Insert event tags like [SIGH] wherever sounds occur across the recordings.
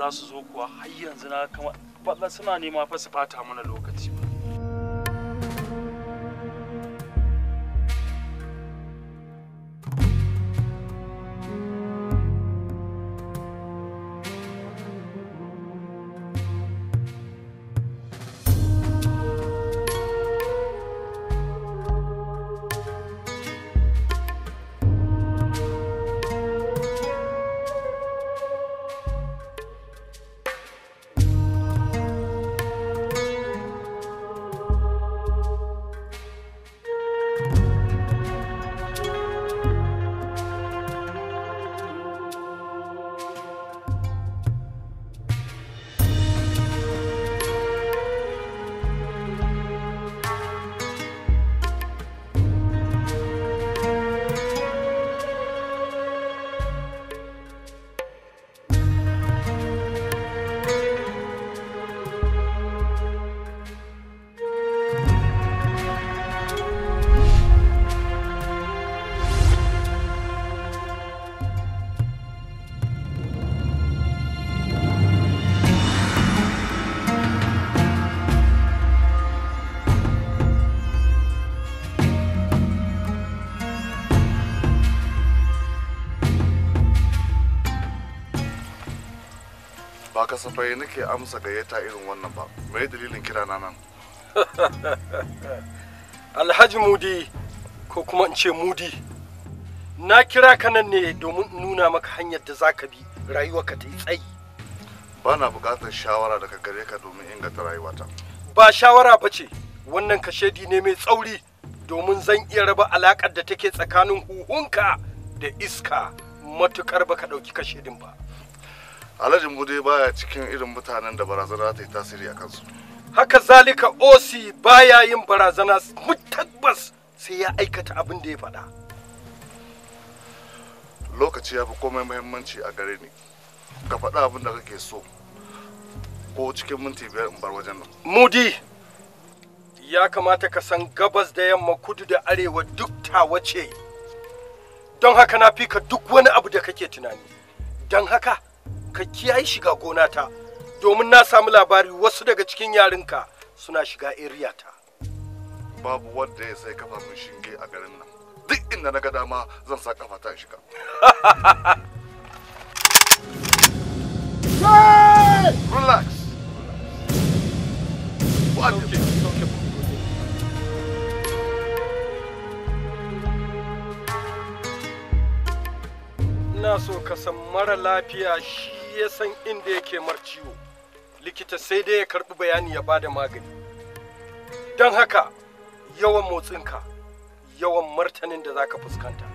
za su zo kuwa har yanzu na kama suna nema fa su fata mana lokaci kasafai nake amsa gayyata irin wannan ba mai dalilin kira na nan [LAUGHS] alhaji mudi ko kuma in ce mudi na kira ka nan ne domin nuna maka hanyar da zaka bi ka ta yi tsayi ba na bukatar shawara daga gare ka domin inganta rayuwata ba shawara ba ce wannan kashedi ne mai tsauri domin zan iya raba alakar da take tsakanin huhunka da iska matukar baka ɗauki kashedin ba alhaji mude baya cikin irin mutanen da barazana ta yi tasiri a kansu haka zalika osi baya yin barazana mu tabbas sai ya aikata abin da ya faɗa lokaci ya fi komai muhimmanci a gare ni ka faɗa abin da kake so ko cikin minti biyar in bar wajen nan mudi ya kamata ka san gabas da yamma kudu da arewa duk tawa ce don haka na fi ka duk wani abu da kake tunani don haka ka kiyaye shiga gona ta domin na samu labari wasu daga cikin yarinka suna shiga area ta babu wanda ya sai kafa mun shinge a garin nan duk inda na ga dama zan sa kafa ta shiga [LAUGHS] relax ina so ka san mara lafiya shi ya san inda yake mar ciwo likita sai dai ya karɓi bayani ya bada magani don haka yawan motsinka yawan martanin da zaka fuskanta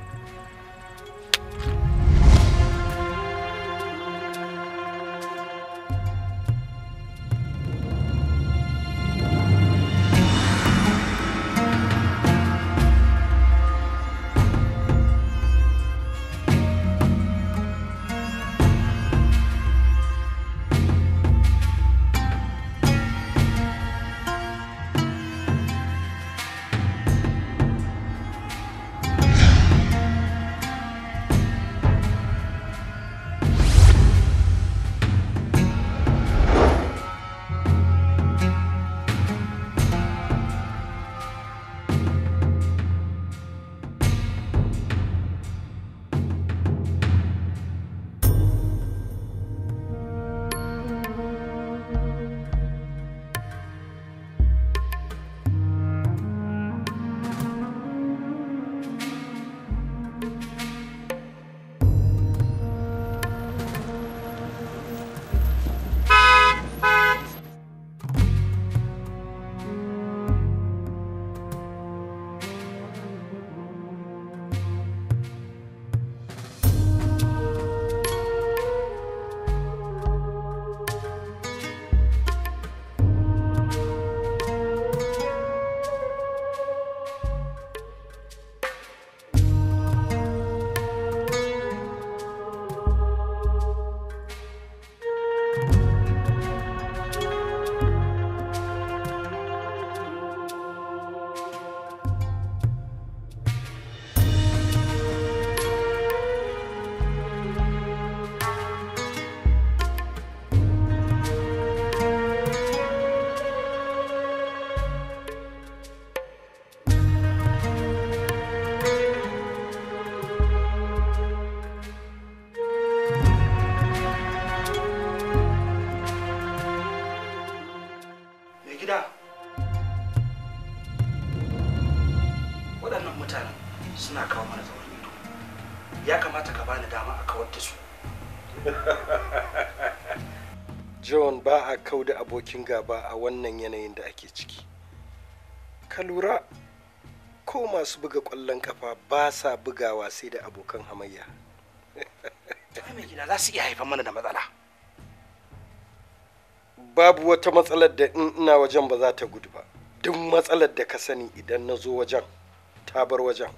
abokin gaba a wannan yanayin da ake ciki ka lura ko masu buga kwallon kafa ba sa bugawa sai da abokan hamayya za su iya haifar mana da matsala babu wata matsalar da in ina wajen ba za ta gudu ba duk matsalar da ka sani idan na zo wajen ta bar wajen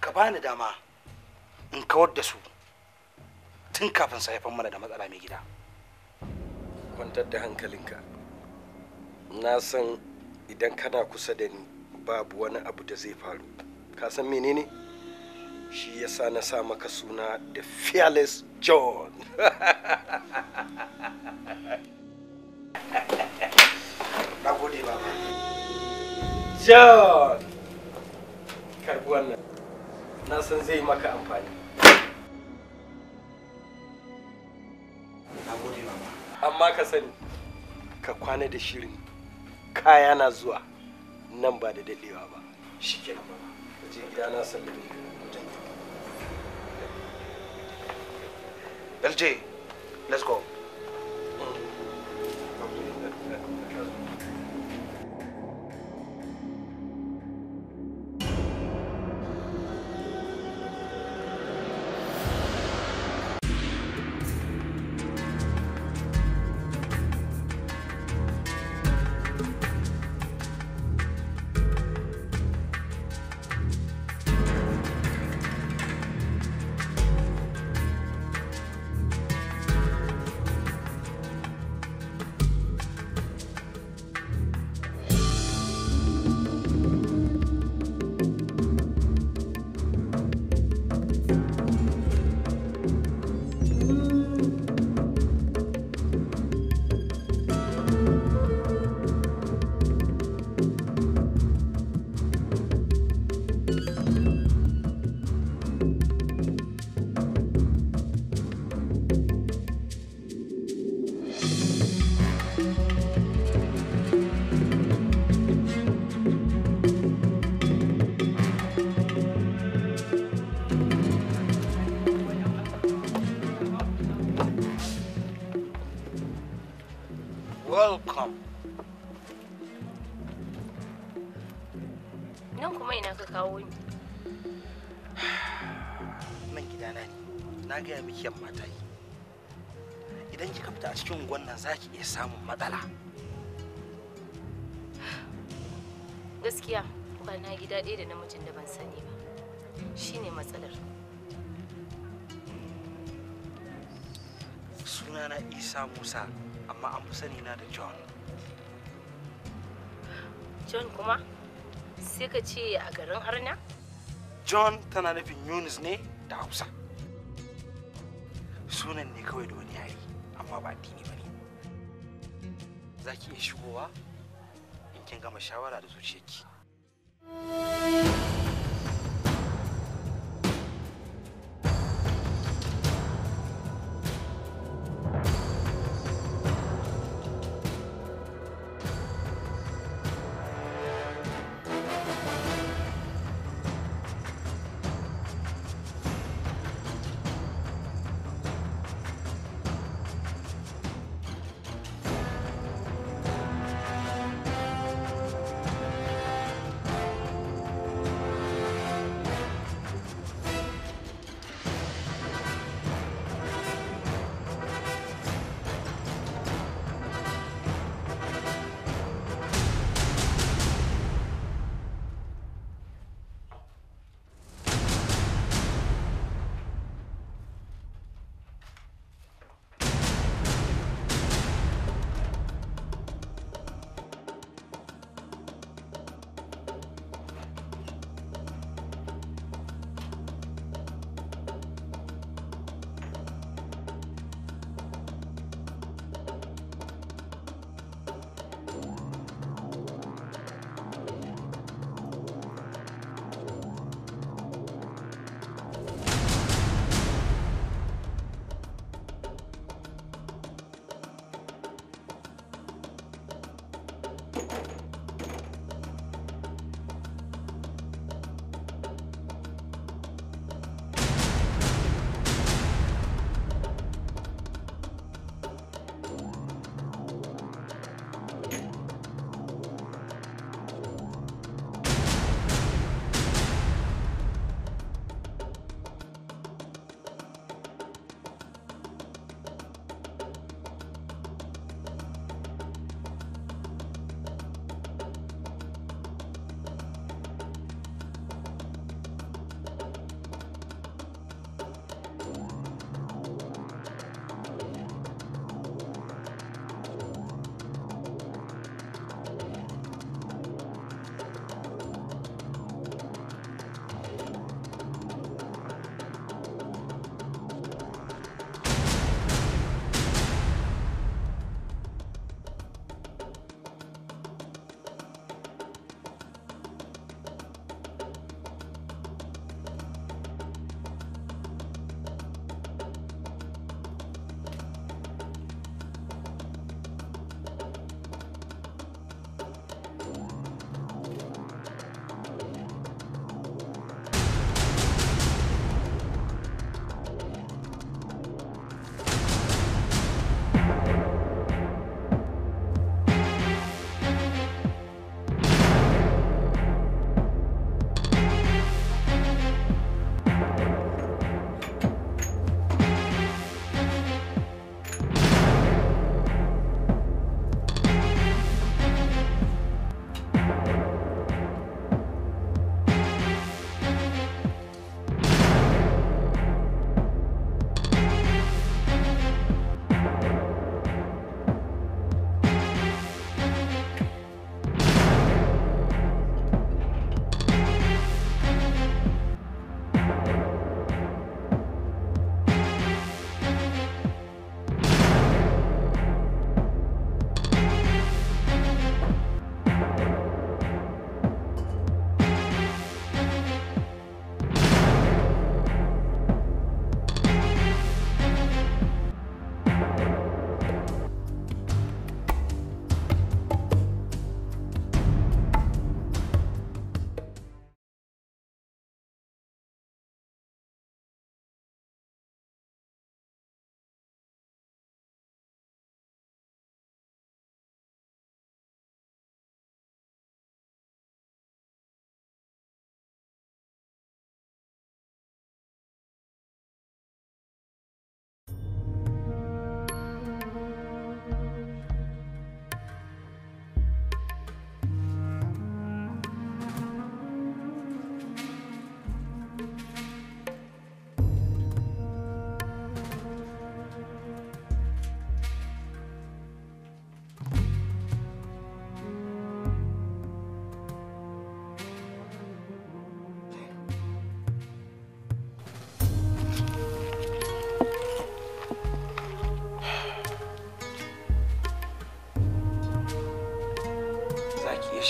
ka bani dama in kawar da su tun kafin sa haifar mana da matsala mai gida kwantar da hankalinka na san idan kana kusa da ni babu wani abu da zai faru ka san menene shi sa na sa maka suna the fearless john [LAUGHS] nagode john karbi wannan na san zai maka amfani amma ka sani ka kwana da shirin kaya na zuwa nan ba da dadewa ba shi ke ba let's go. isa musa amma an fi sani na da john john kuma sai ka ce a garin harna john tana nufin yunus ne da hausa sunan ne kawai da wani amma ba dini ba ne za ki iya shigowa in kin gama shawara da zuciyarki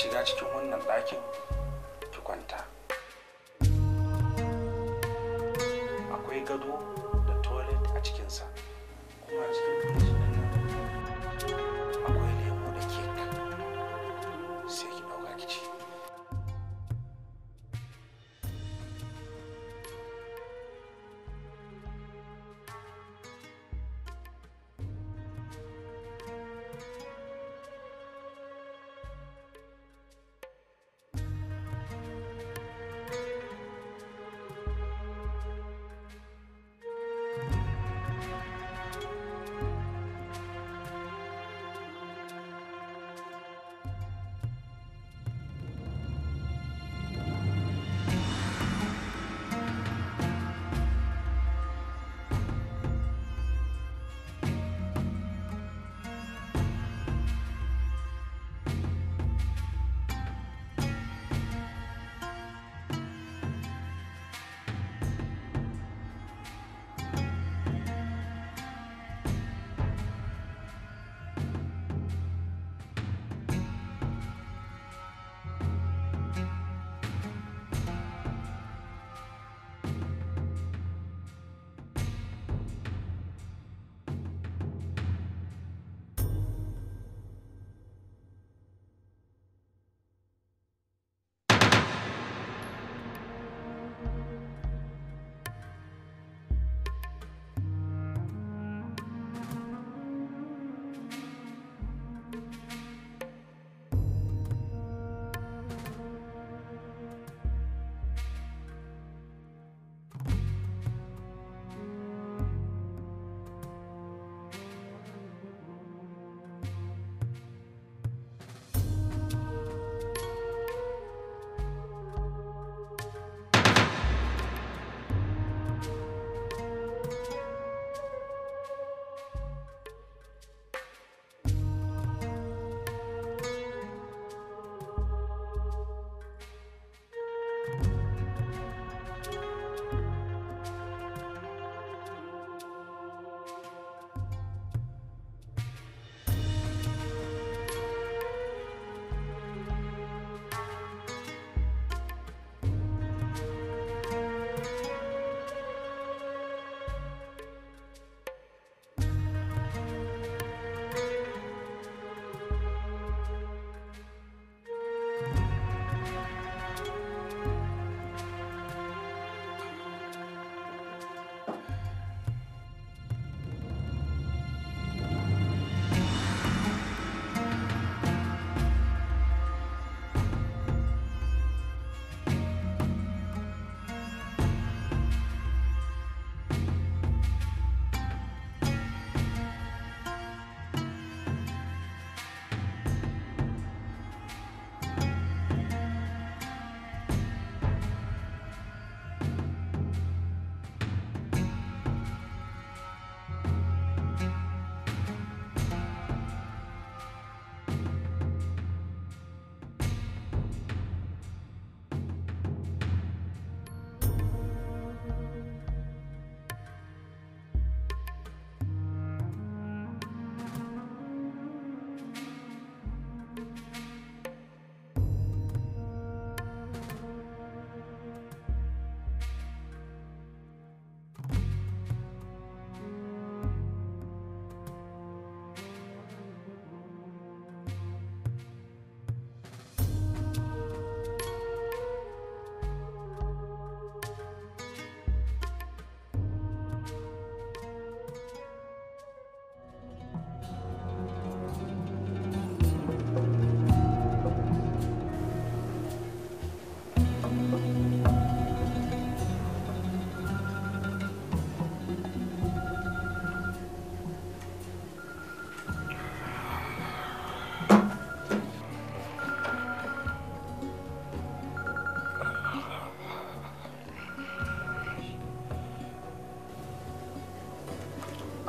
shiga cikin wannan ɗakin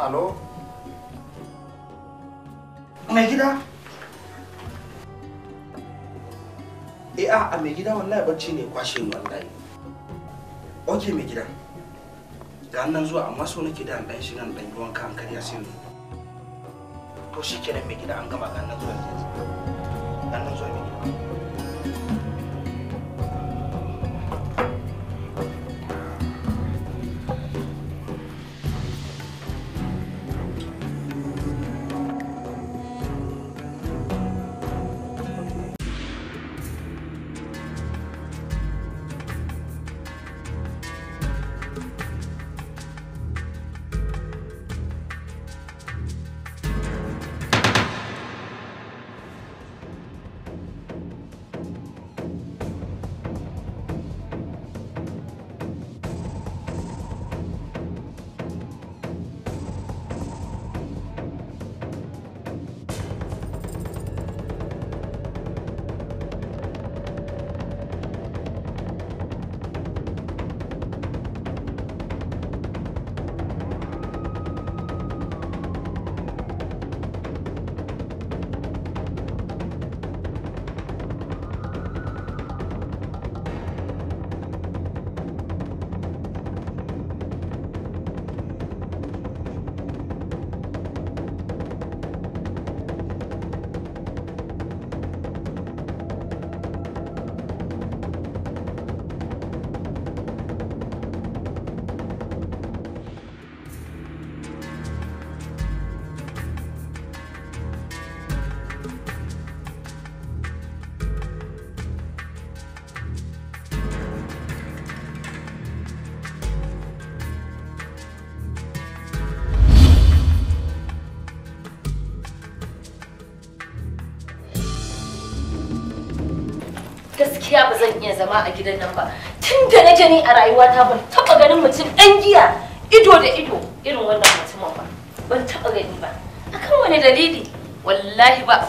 Alo? Mai gida? Eh a a mai gida wallahi bacci ne kwashe ni wallahi. Ok mai gida. Ga nan zuwa amma so nake da dan shi nan dan ruwan kan karya sai ni. To shikenan mai gida an gama ga nan zuwa. Ga nan zuwa zama a gidan nan ba tun da na jani a rayuwata ban taba ganin mutum ɗan giya ido da ido irin wannan mutumin ba ban taba gani ba akan wani dalili wallahi ba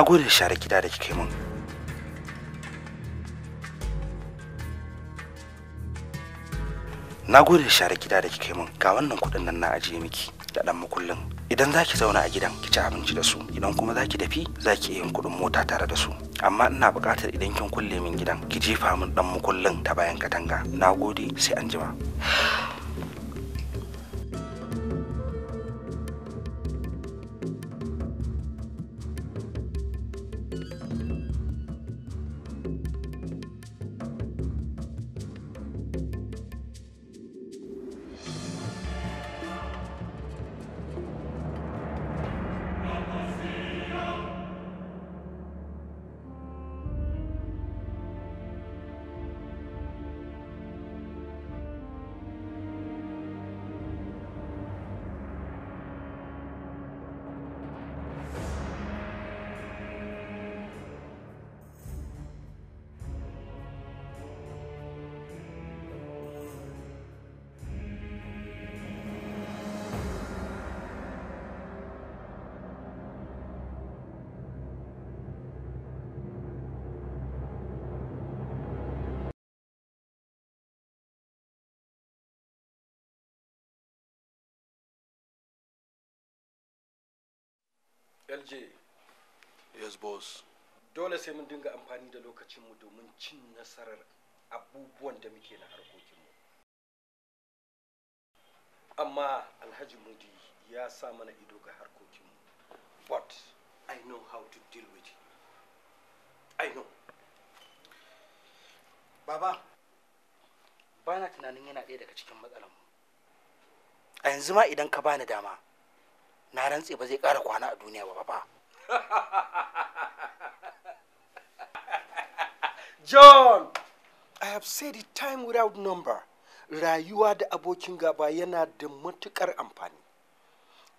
na gode da share gida da kika yi min na gode da share gida da kika yi min ga wannan kuɗin nan na ajiye miki da ɗan makullin idan za ki zauna a gidan ki ci abinci da su idan kuma za ki tafi za ki yin kuɗin mota tare da su amma ina buƙatar idan kin kulle min gidan ki jefa min ɗan makullin ta bayan katanga na gode sai anjima. LJ. Yes, boss. Dole sai mun dinga amfani da lokacinmu domin cin nasarar abubuwan da muke na harkokinmu. Amma Alhaji Mudi ya sa mana ido ga harkokinmu. But I know how to deal with it. I know. Baba, bana tunanin yana ɗaya daga cikin matsalanmu. A yanzu ma idan ka bani dama. na rantse ba zai ƙara kwana a duniya ba ba [LAUGHS] John, I have said it time without number. Rayuwa da abokin gaba yana da matuƙar amfani.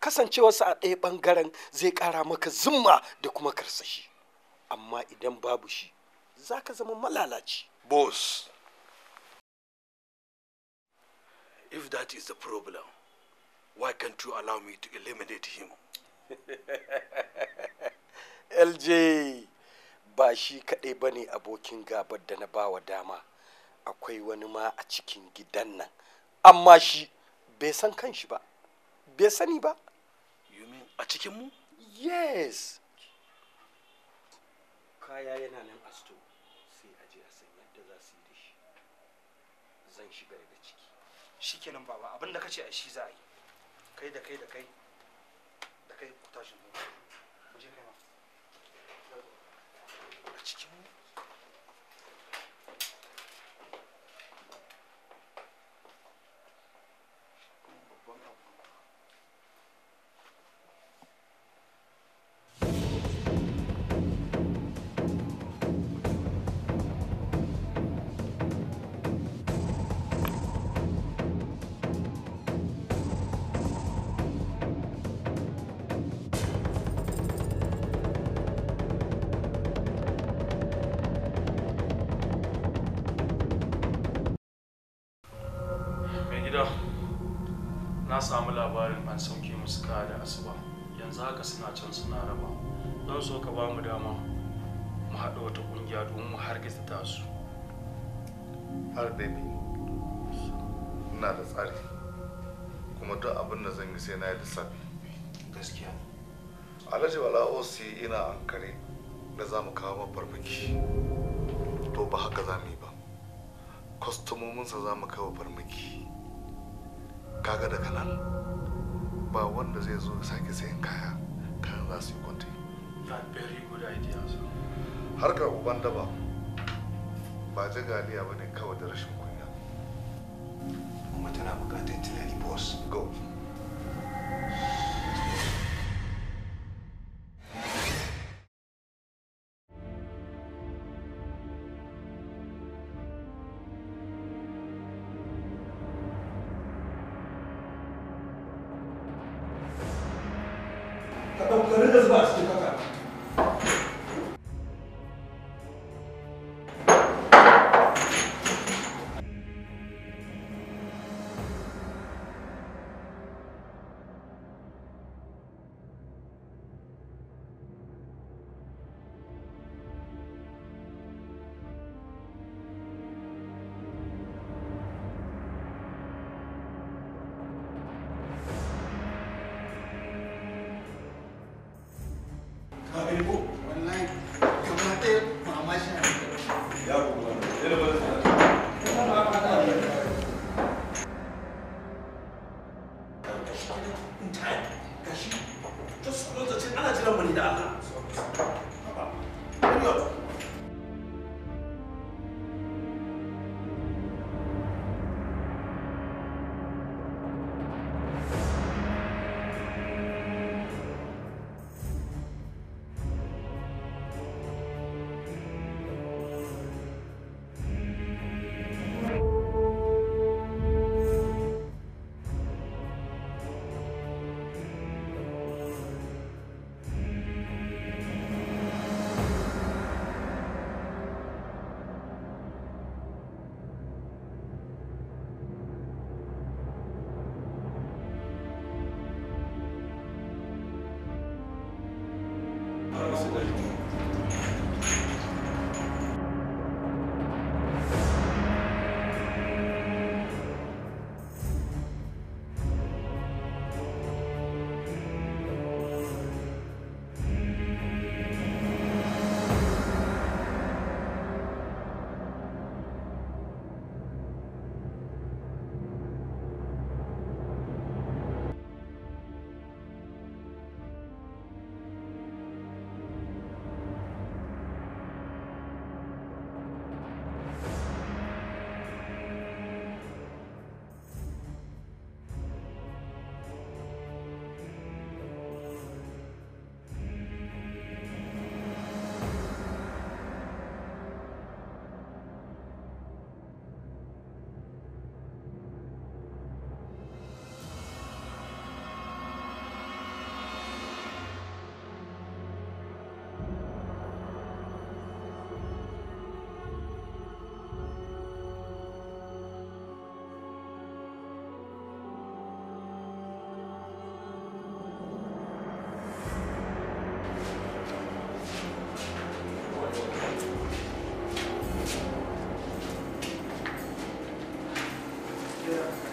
Kasancewarsa a ɗaya ɓangaren zai ƙara maka zumma da kuma karsashi. Amma idan babu shi, za ka zama malalaci. Boss, if that is the problem, Why can't you allow me to eliminate him? LJ [LAUGHS] ba shi kaɗai ba ne abokin gabar da na bawa dama. Akwai wani ma a cikin gidan nan. Amma shi bai san kanshi ba. Bai sani ba. You mean a cikinmu? Yes. Kaya yana nan a shi zan shiga daga ciki shikenan baba abinda kace a shi za a yi kai da kai da kai da kai ku tashi mu a cikin samu labarin an sauke musu kaya da asuba yanzu haka suna can suna raba don so ka ba mu dama mu haɗa wata ƙungiya domin mu hargitsa ta su har baby ina da tsari kuma duk abin da zan yi sai na yi lissafi gaskiya alhaji wala osi ina ankare da za mu kawo farmaki to ba haka za mu yi ba kwastomominsa za mu kawo farmaki kaga da kanal ba wanda zai zo da sake sayan kaya kan za su yi kwanti harkar uban daba ba jagaliya ba ne kawai da rashin kunya kuma tana bukatar tunani boss go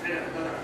这两个。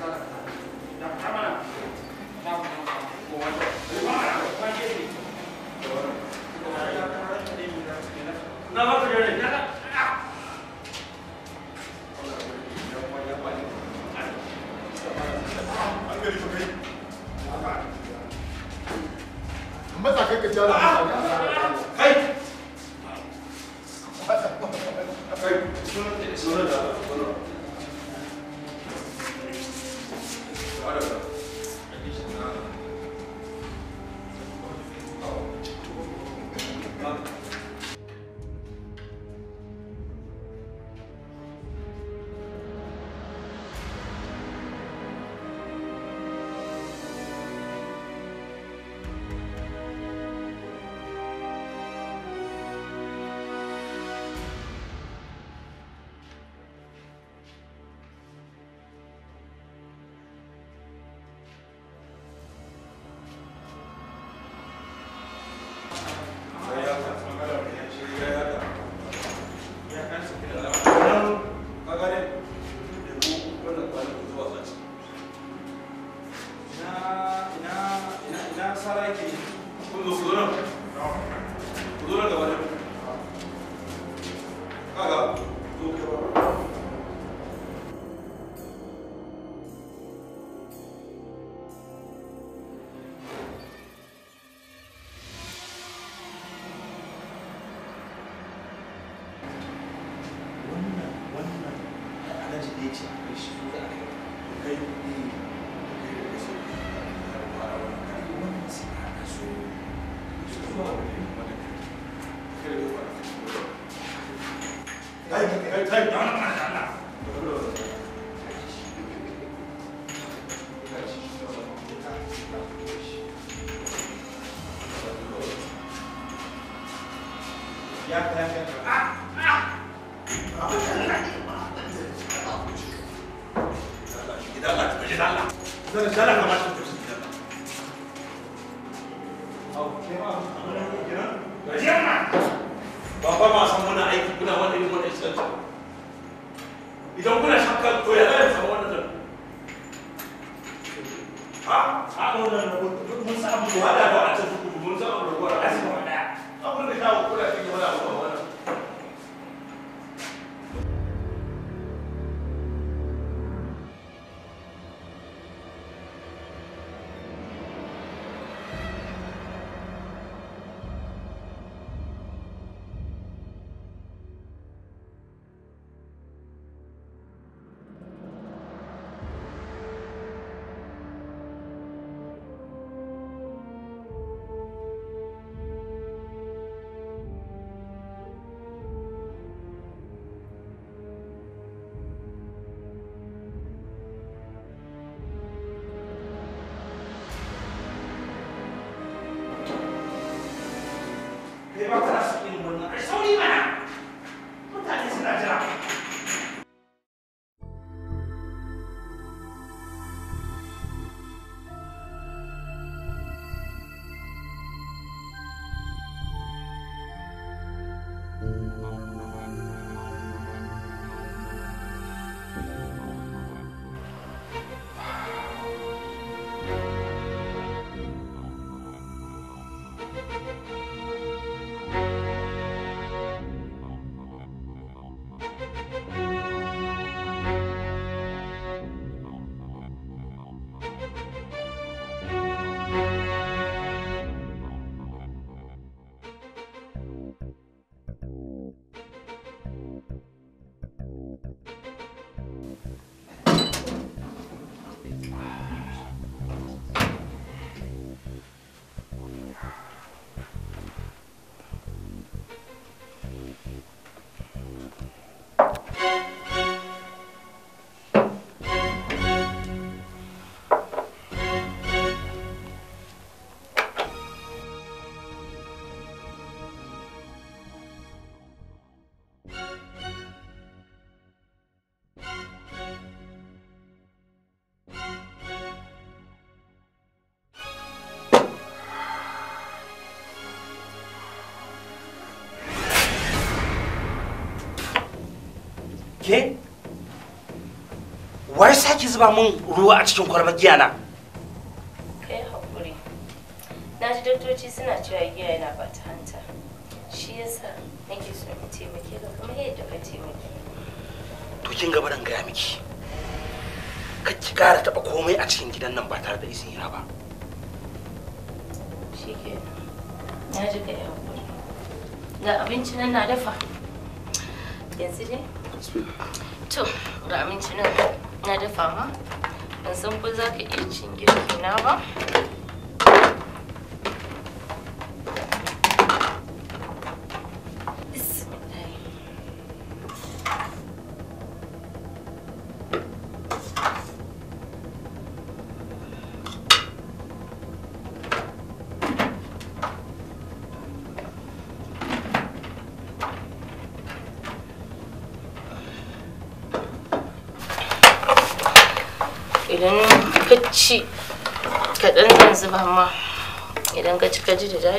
살아있지 그럼 너 그거는, 그거는 너가 Ke? Wai sake zuba min ruwa a cikin kwalbar giya na? Kai haƙuri. Na ji doktoci suna cewa giya yana bata hanta. Shi yasa nake so in taimake ka kuma yadda ka taimake. To kin ga barin gaya miki. ka ci ƙara taɓa komai a cikin gidan nan ba tare da izini ba. Shi ke. Na ji Ga abinci nan na dafa. To, da abinci na dafa ma. Ban san ko za ka iya cin girki na ba. 该做就做。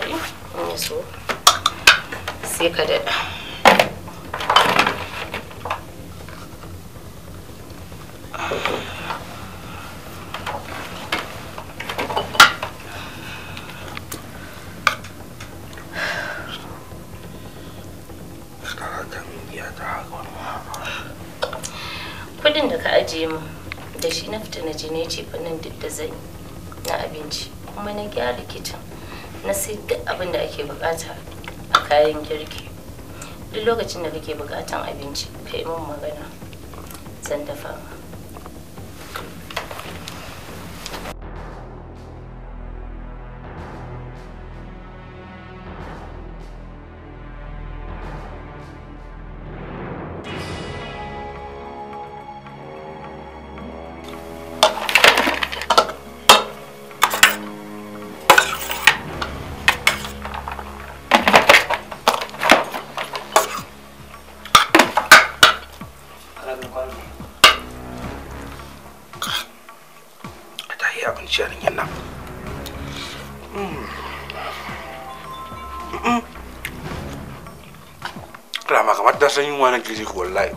abin da ake bukata a kayan girki duk lokacin da kake bukatan abinci ka yi magana zan dafa san yunwa na ke ko wallahi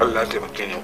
Allah ya taimake ni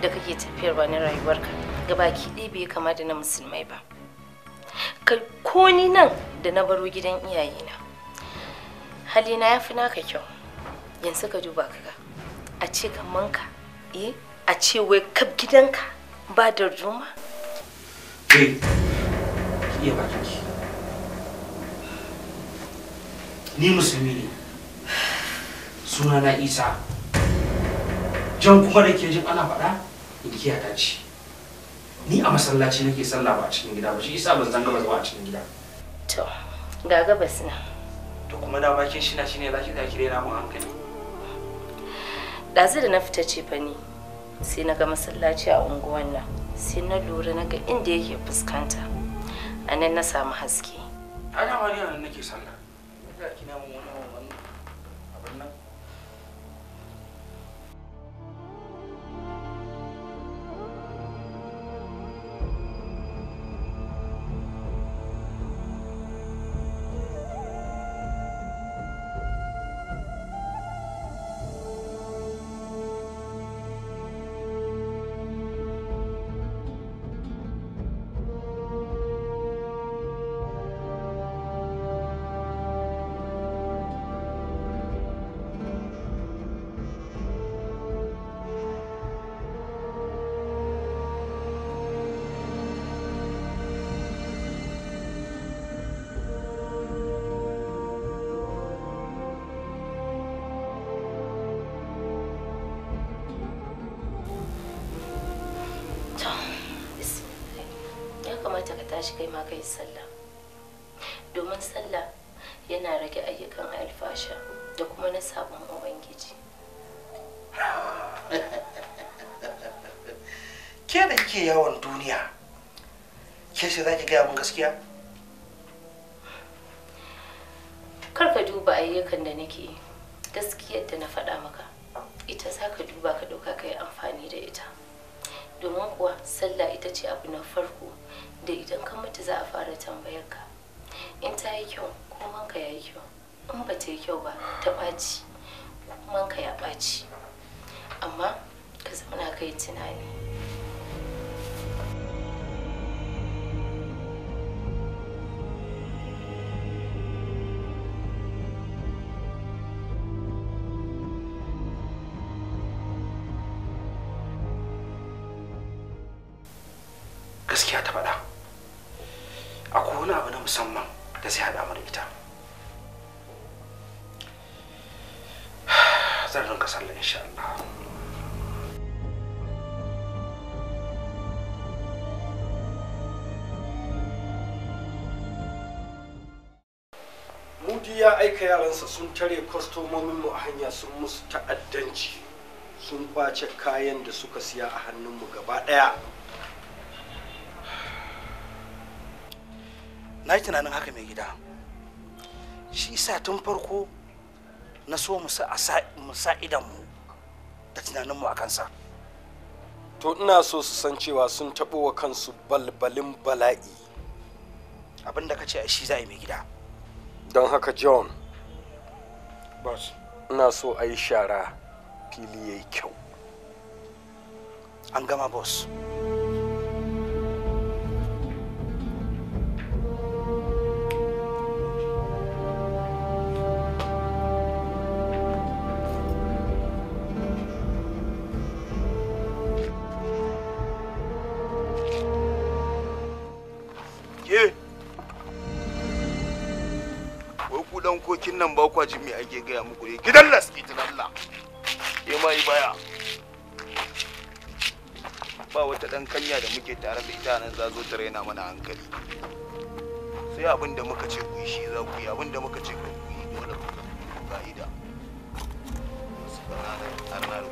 da kake tafiyarwa na rayuwarka gabaki ɗaya bai kama da na musulmai ba ka ko ni nan da na baro gidan iyayena halina ya fi naka kyau yanzu ka duba ka ga a ce kamanka eh a ce wai gidan gidanka ba da ruma eh iya ba ni musulmi ne suna na isa jan kuma da ke jin ana faɗa igiya ta ce ni a masallaci nake sallah ba a cikin gida ba shi yasa ban zanga ba ba a cikin gida to ga gabas na to kuma da bakin shina shine zaki kire na mu hankali dazu da na fita ce fa ni sai na ga masallaci a unguwan nan sai na lura na ga inda yake fuskanta a nan na samu haske ana wani nan nake sallah tashi kai ma kai sallah domin sallah yana rage ayyukan alfasha da kuma na sabon ubangiji [LAUGHS] ke da ke yawon duniya ke shi za ki gaya min gaskiya kar ka duba ayyukan da nake gaskiyar da na faɗa maka ita za ka duba ka ɗauka ka yi amfani da ita domin kuwa sallah ita ce abu na farko da idan ka mutu za a fara tambayar ka in ta yi kyau komanka ya yi kyau in ba ta yi kyau ba ta ɓaci ka ya ɓaci amma ka zama na kai tunani tare kwastomominmu a hanya sun musu ta'addanci sun kwace kayan da suka siya a hannunmu gaba ɗaya na yi tunanin haka mai gida shi sa tun farko na so mu sa idanmu da tunaninmu a kansa to ina so su san cewa sun taɓo wa kansu balbalin bala'i abinda ka ce a shi za mai gida don haka john ina so a yi shara fili ya kyau an gama boss kwa jin me ake gaya muku ne gidan laski ta Allah ya ma yi baya ba wata dan kanya da muke tare da ita nan zazo ta raina mana hankali sai abin da muka ce ku yi shi za ku yi abin da muka ce ku yi dole ku ga ida subhanallah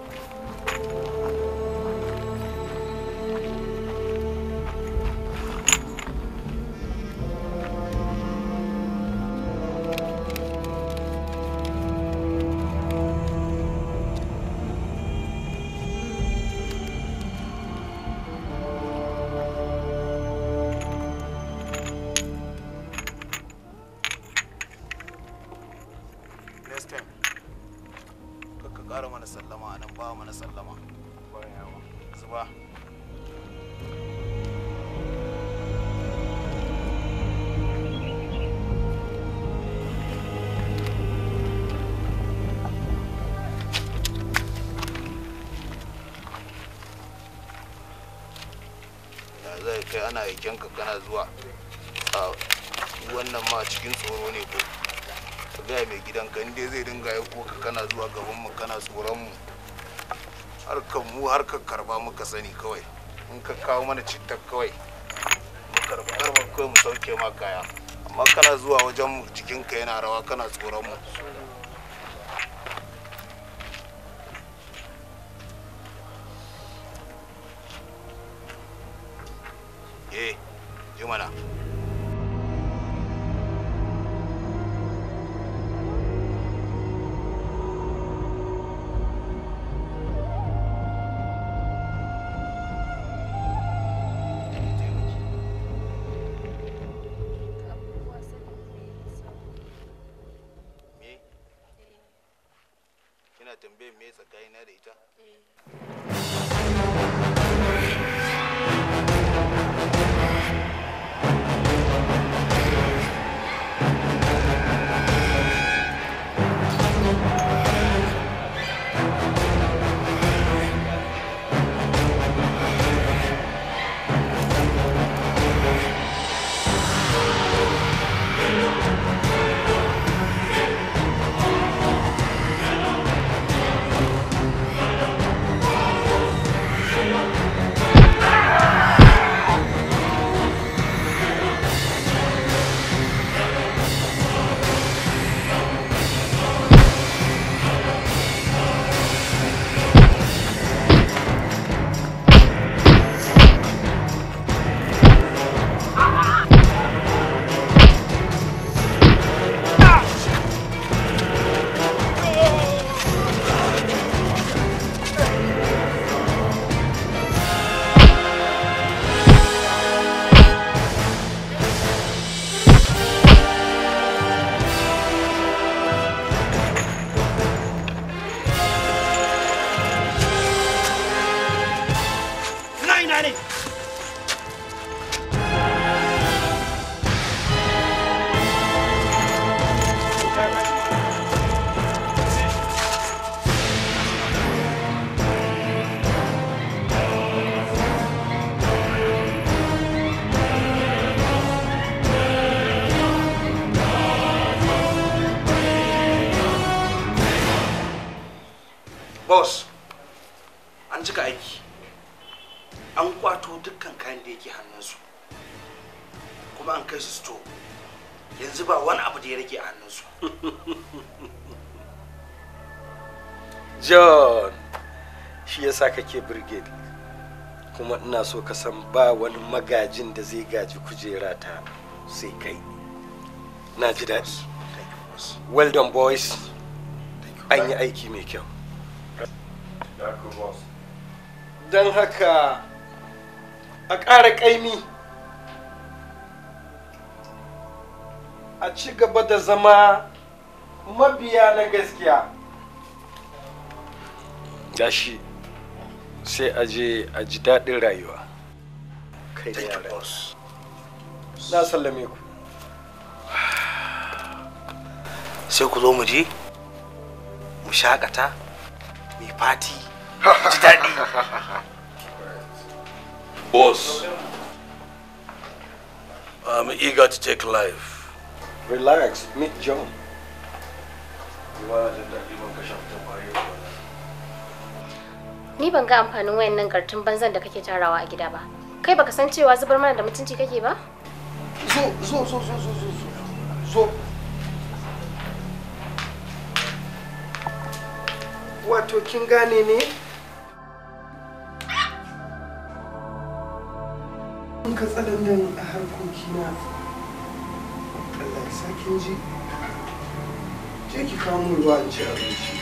muka sani kawai in ka kawo mana cittar kawai muka karɓi kai kawai mu sauke ma kaya amma kana zuwa wajen mu jikinka yana rawa kana tsoron mu eh john shi yasa kake brigade kuma ina so ka san ba wani magajin da zai gaji kujera ta sai kai na ji daɗi well done boys an yi aiki mai kyau don haka a ƙara ƙaimi a ci gaba da zama mabiya na gaskiya ja sai a je a ji daɗin rayuwa kai da yara na sallame ku sai ku zo mu je mu shakata mai fati ji daɗi [LAUGHS] boss i'm eager to take life relax meet john you are the Ni ban ga amfanin wayannan kartun banzan da kake tarawa a gida ba. Kai baka san cewa zubar mana da mutunci kake ba? Zo zo zo zo zo zo zo. Wato kin gane ne? In ka nan a na Allah ya sa kin ji. Je ki kawo ruwa in ci abinci.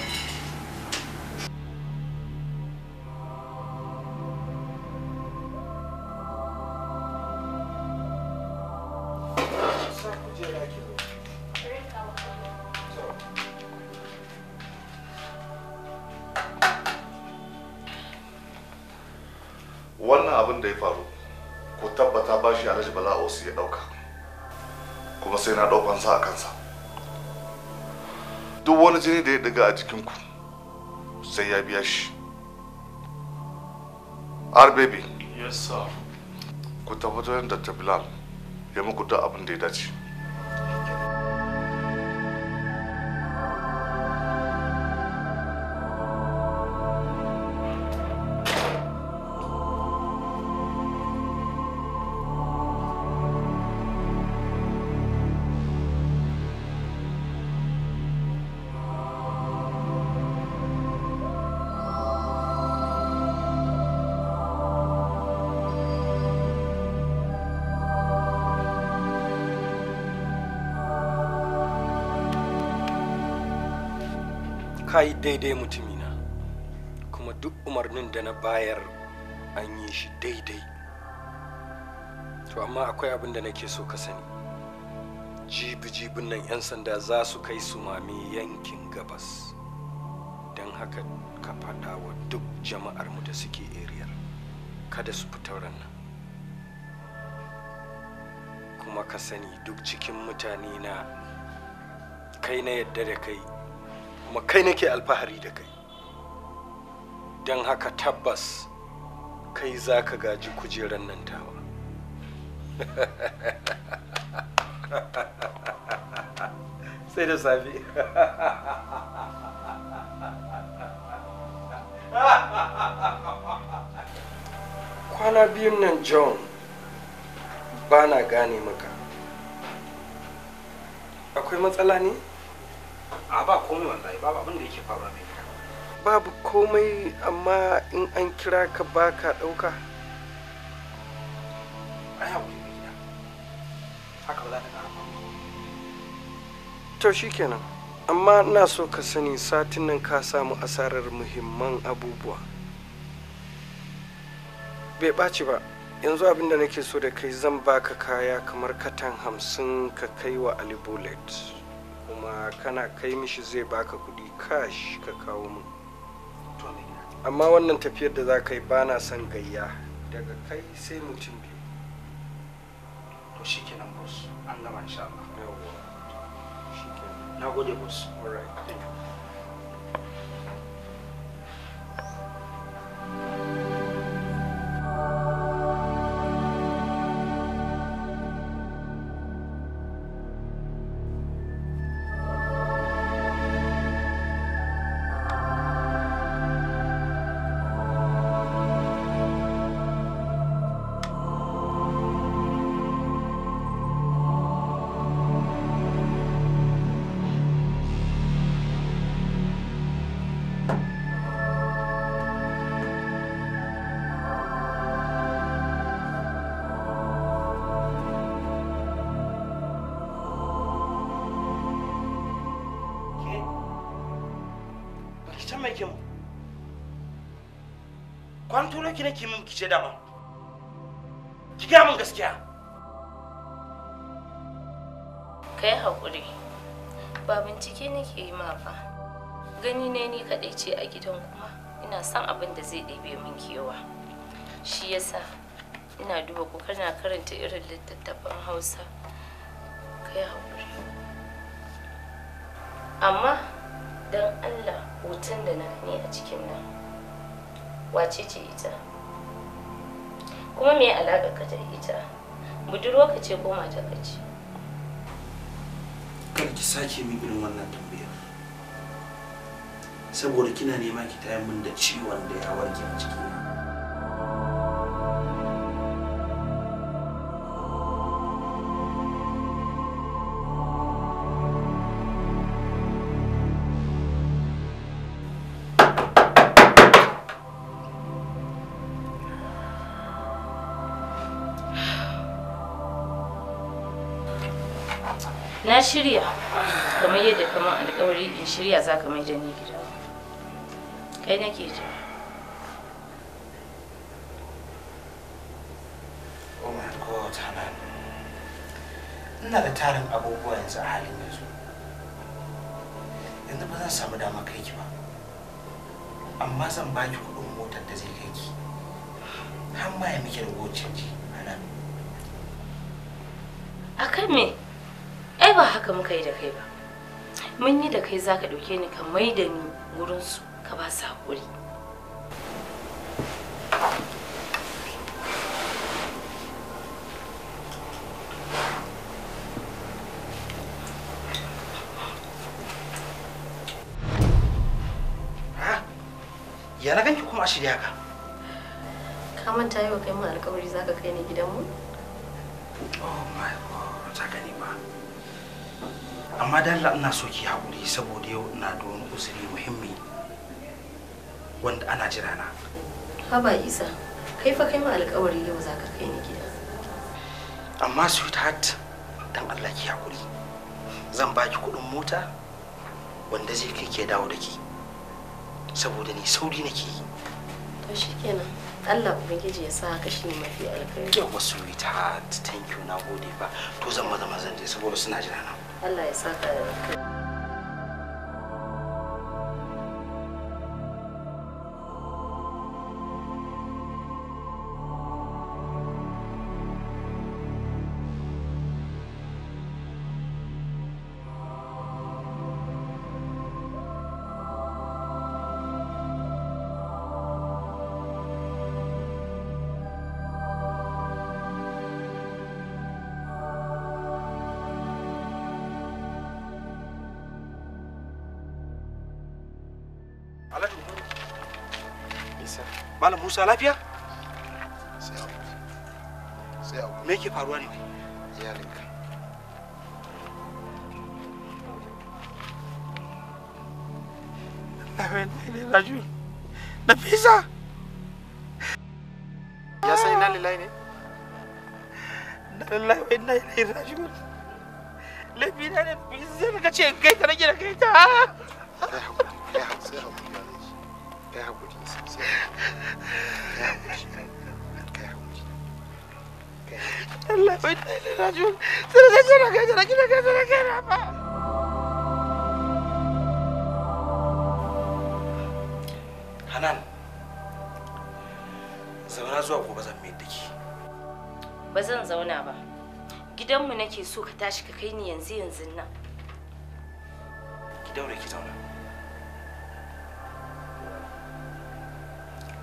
wannan abin da ya faru ko tabbata ba shi alhaji bala osi ya dauka kuma sai na daukan sa a kansa duk wani jini da ya diga a jikinku sai ya biya shi ar baby yes sir ku tabbatar da bilal ya muku duk abin da ya dace daidai mutumina kuma duk umarnin da na bayar an yi shi daidai to amma akwai abin da nake so ka sani jibi-jibin nan 'yan sanda za su kai su mami yankin gabas don haka ka faɗa wa duk jama'armu da suke eriyar kada su fita nan kuma ka sani duk cikin mutane na kai na yadda da kai kuma kai nake alfahari da kai don haka tabbas kai za ka gaji kujeran nan tawa [LAUGHS] sai da safe [LAUGHS] kwana biyun nan john ba gane maka akwai matsala ne? babu abin da yake faruwa mai gida babu komai amma in an kira ka baka dauka ai hakuri mai gida haka ba za ta kara to amma ina so ka sani satin nan ka samu asarar muhimman abubuwa bai ɓaci ba yanzu abin da nake so da kai zan baka kaya kamar katan hamsin ka kai wa ali bullet kuma kana kai mishi zai baka kudi cash ka kawo mu amma wannan tafiyar da za ka yi ba na son gayya daga kai sai mutum biyu to shi kenan boss an gama insha Allah na gode boss all right thank you kuma ki nake min kice dama ki ga min gaskiya kai hakuri ba bincike nake yi ma fa gani ne ni kaɗai ce a gidan kuma ina son abin da zai ɗebe min kewa shi yasa ina duba ko kana karanta irin littattafan hausa kai hakuri amma don allah hoton da na gani a cikin nan wace ce ita kuma me alaƙa ka da ita budurwarka ce ko mata ka ce kar ki sake min irin wannan tambayar saboda kina nema ki tayar min da ciwon da ya warke a cikina na shirya kamar yadda kamar alkawari in shirya za ka mai da ni gida kai nake ji oh my god hanan ina da tarin abubuwa yanzu a halin yanzu yanzu ba zan samu dama kai ki ba amma zan ba ki kuɗin motar da zai kai ki har ma ya miki da gocin ji hanan akan me ba haka muka yi da kai ba mun yi da kai za ka ɗauke ni ka mai da ni wurinsu ka ba su haƙuri ya na ganki kuma a shirya ka ka manta yau kai mu alƙawari za ka kai ni gidanmu amma Allah ina so ki haƙuri saboda yau ina da wani uzuri muhimmi wanda ana jira na haba isa kai fa kai ma alƙawari yau za ka kai ni gida amma sweetheart dan Allah ki haƙuri zan baki kuɗin mota wanda zai kai ke dawo da ki saboda ni sauri nake yi to shikenan Allah ubangiji ya sa ka shine mafi alkhairi yawa sweetheart thank you na gode ba to zan maza zan je saboda suna jira na Allah ya saka da kai Musa lafiya yanzu yanzu nan ki daure ki zauna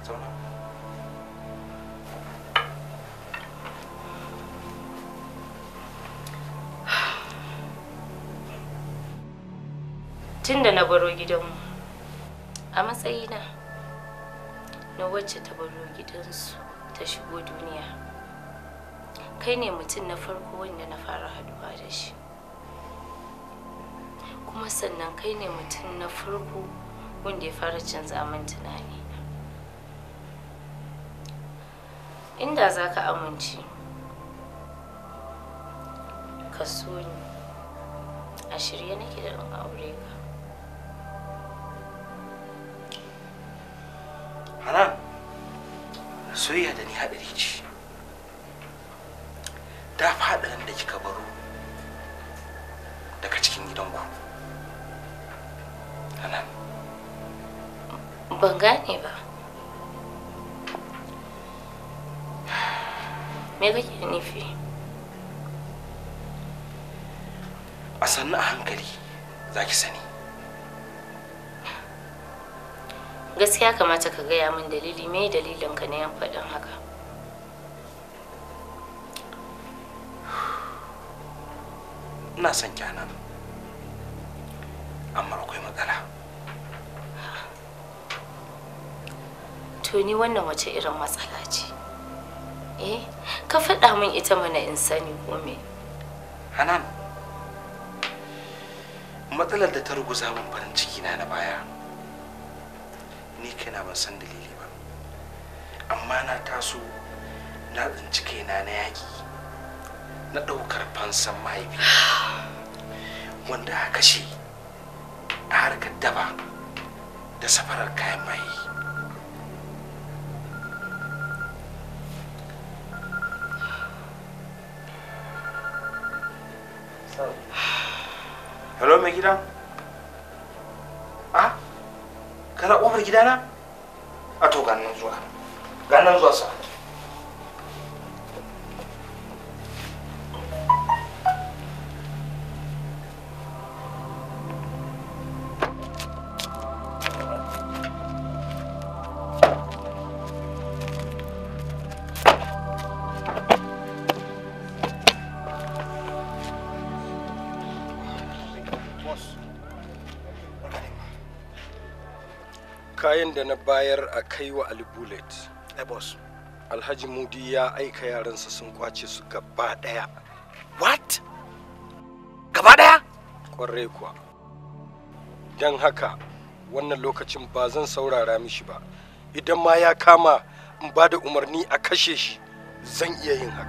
zauna tun da na baro gidanmu a matsayina na wacce ta baro gidansu ta shigo duniya kai ne mutum na farko wanda na fara haduwa da shi kuma sannan kai ne mutum na farko wanda ya fara canza min tunani inda za ka amince ka so ni a shirye nake da in aure ka hana soyayya da ni haɗari ce da faɗarin da kika baro daga cikin gidanku Ban gane ba. Me kake nufi? A sannu a hankali za ki sani. Gaskiya kamata ka gaya min dalili me dalilinka na yan faɗin haka. Ina son kyanan. to ni wannan wace irin matsala ce eh ka faɗa min ita mana in sani ko me hanan matsalar da ta ruguza min farin ciki na na baya ni kaina ban san dalili ba amma na taso na tsinci kaina na yaƙi na ɗaukar fansan mahaifi wanda a kashe a harkar daba da safarar kayan maye gidana a to ganin zuwa zuwa sa da na bayar a kai wa Ali Bullet. Eh boss. Alhaji Mudi ya aika yaransa sun kwace su gaba daya. What? Gaba daya? Kwarai kuwa. Don haka wannan lokacin ba zan saurara mishi ba. Idan ma ya kama in ba da umarni a kashe shi zan iya yin haka.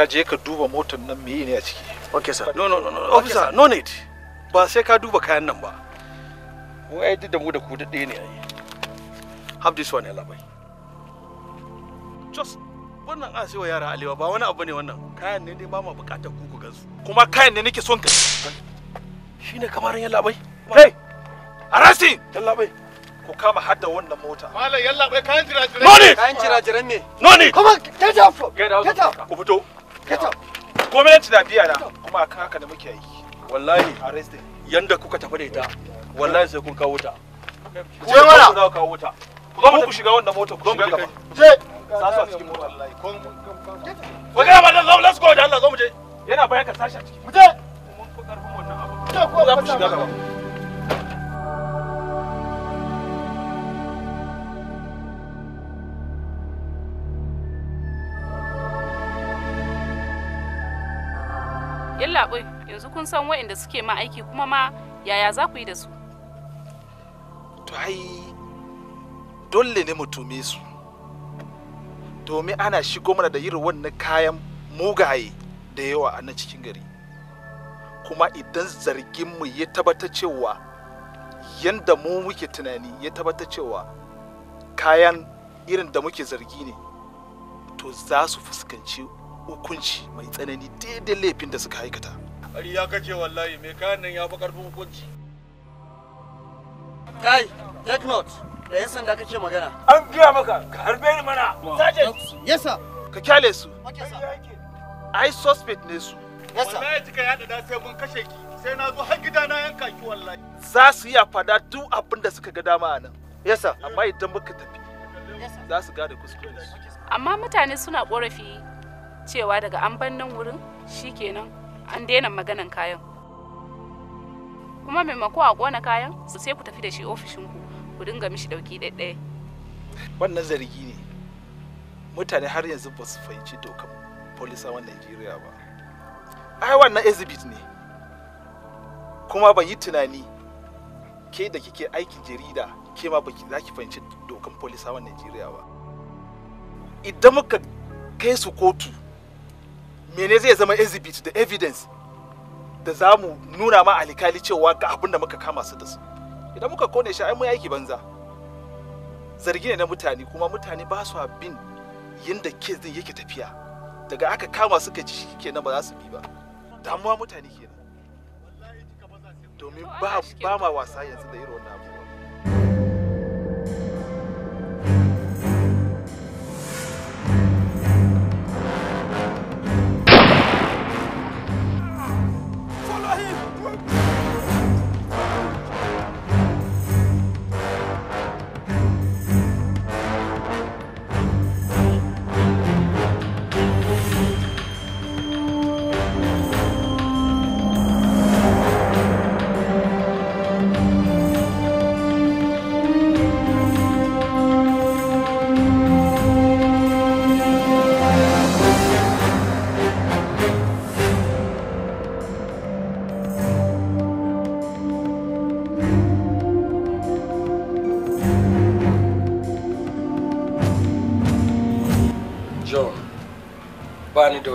ka je ka duba motar nan meye ne a ciki okay sir no no no, no. officer no need ba sai ka duba kayan nan ba mu ai duk da mu da ku da ɗaya ne ai have this one bai. just wannan a sai wa yara alewa ba wani abu ne wannan kayan ne dai ba ma bukatar ku ku gansu kuma kayan ne nake son ka shine kamar yan labai kai arasi yan labai ku kama hadda wannan mota malam yalla bai kayan jira jira. ne kayan jira jira ne no ne come get out. get out ku fito gwamnati na biya na kuma akan haka da muke yi wallahi yanda kuka tafi da ita wallahi sai kun kawo ta ku yi mana ku kawo ta ku ku shiga wannan mota ku shiga gaba je sasu a cikin mota wallahi kun ku ga ba zo let's go da Allah zo mu je yana ka mu je mun fi karfin wannan abu ku za ku shiga gaba yanzu kun san wa'inda suke ma aiki kuma ma yaya za ku yi da su to ai dole ne mu tume su domin ana shigo mana da irin wannan kayan mugaye da yawa a nan cikin gari kuma idan zarginmu ya tabbata cewa yadda mu muke tunani ya tabbata cewa kayan irin da muke zargi ne to za su fuskanci hukunci mai tsanani daidai laifin da suka haikata. ari ya kace wallahi mai kayan nan ya fi karfin hukunci kai take note da yan sanda kake magana an gaya maka ka harbe ni mana Sajen. yes ka kyale su ai suspect ne su yes sir wallahi kika yada da sai mun kashe ki sai na zo har gida yanka ki wallahi za su iya fada duk abin da suka ga dama a nan yes sir amma idan muka tafi za su gada kuskure amma mutane suna ƙorafi cewa daga an ban nan wurin shikenan an daina maganan kayan kuma maimako a kona kayan su sai ku tafi da shi ofishin ku dinga mishi dauki ɗaiɗaya wannan zargi ne mutane har yanzu ba su fahimci dokan polisawan najeriya ba ai wannan exhibit ne kuma ban yi tunani ke da kike aikin jarida ke ma baki za ki fahimci dokan polisawan najeriya ba idan muka kai su kotu mene zai zama exhibit da evidence da za mu nuna ma alikali cewa ga abin da muka kama su da su idan muka kone shi ai mun aiki banza zargi ne na mutane kuma mutane ba su bin yadda ke zai yake tafiya daga aka kama suka ji kenan ba za su bi ba damuwa mutane kenan domin ba ma wasa yanzu da irin wannan abu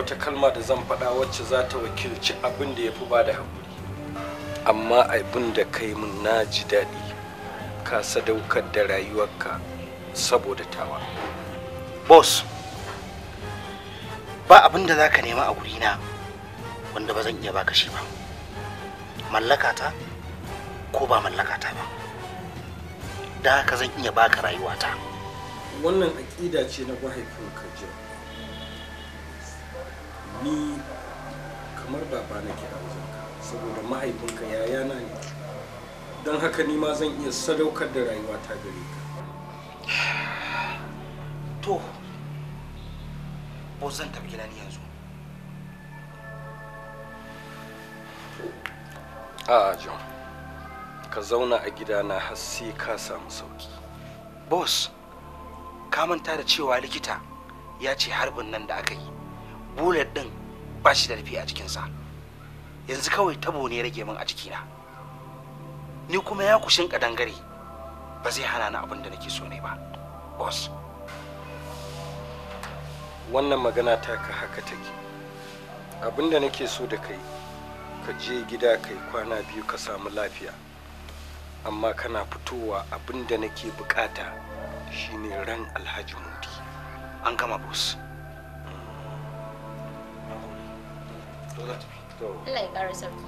wata kalma da zan faɗa wacce za ta wakilci abin da ya fi ba da haƙuri amma abin da kai mun na ji daɗi ka sadaukar da rayuwarka saboda tawa boss ba abin da za ka nema a gurina wanda ba zan iya baka shi ba mallakata ko ba mallakata ba da haka zan iya baka rayuwata wannan aƙida ce na mahaifin kajiya ni kamar baba na ke arzika saboda mahaifinka yana ne don haka ni ma zan iya sadaukar da rayuwa ta gare ka [SIGHS] to ko zan tafi gida ni yanzu a john ka zauna a gidana har sai ka samu sauki boss ka manta da cewa likita ya ce harbin nan da aka yi bullet din ba shi da rufi a sa yanzu kawai tabo ne rage min a jikina ni kuma ya kushin kadangare ba zai hana ni abin da nake so ne ba boss wannan magana ta ka haka take abin da nake so da kai ka je gida kai kwana biyu ka samu lafiya amma kana fitowa abin da nake bukata shine ran alhaji mudi an gama boss Allah ya ƙara sauki.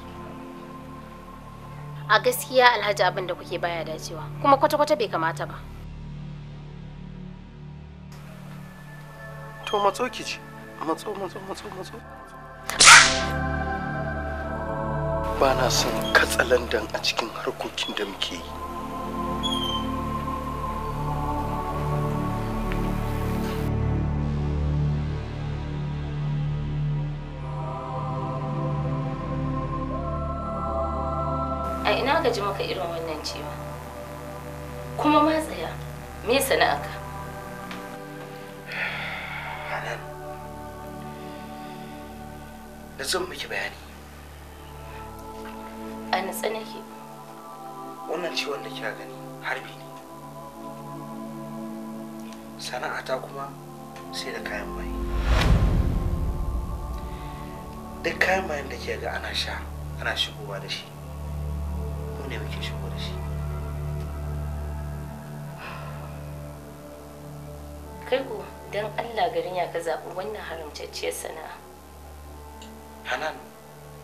A gaskiya Alhaji abin da kuke baya dacewa, kuma kwata-kwata bai kamata ba. To matso ki ce, matso matso matso matso. Ba na son katsalandan a cikin harkokin da muke yi. aka ji maka irin wannan ciwon kuma ma tsaya me sana'aka hanan da zan miki bayani a natsa nake wannan ciwon da kika gani harbi ne sana'ata kuma sai da kayan mai duk kayan mayan da ke ga ana sha ana shigowa da shi abu ne muke shigo da shi kai ko don allah garin ya ka zaɓi wannan haramtacciyar sana'a hanan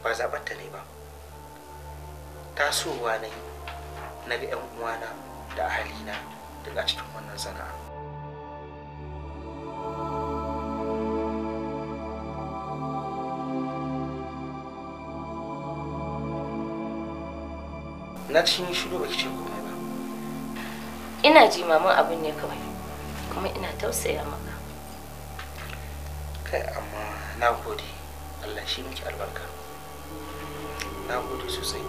ba zaɓar ta ne ba tasowa ne na ga 'yan uwana da ahalina daga cikin wannan sana'a na cikin shiru baki ce komai ba ina jimamin abin ne kawai kuma ina tausaya maka kai amma na gode allah shi miki albarka na gode sosai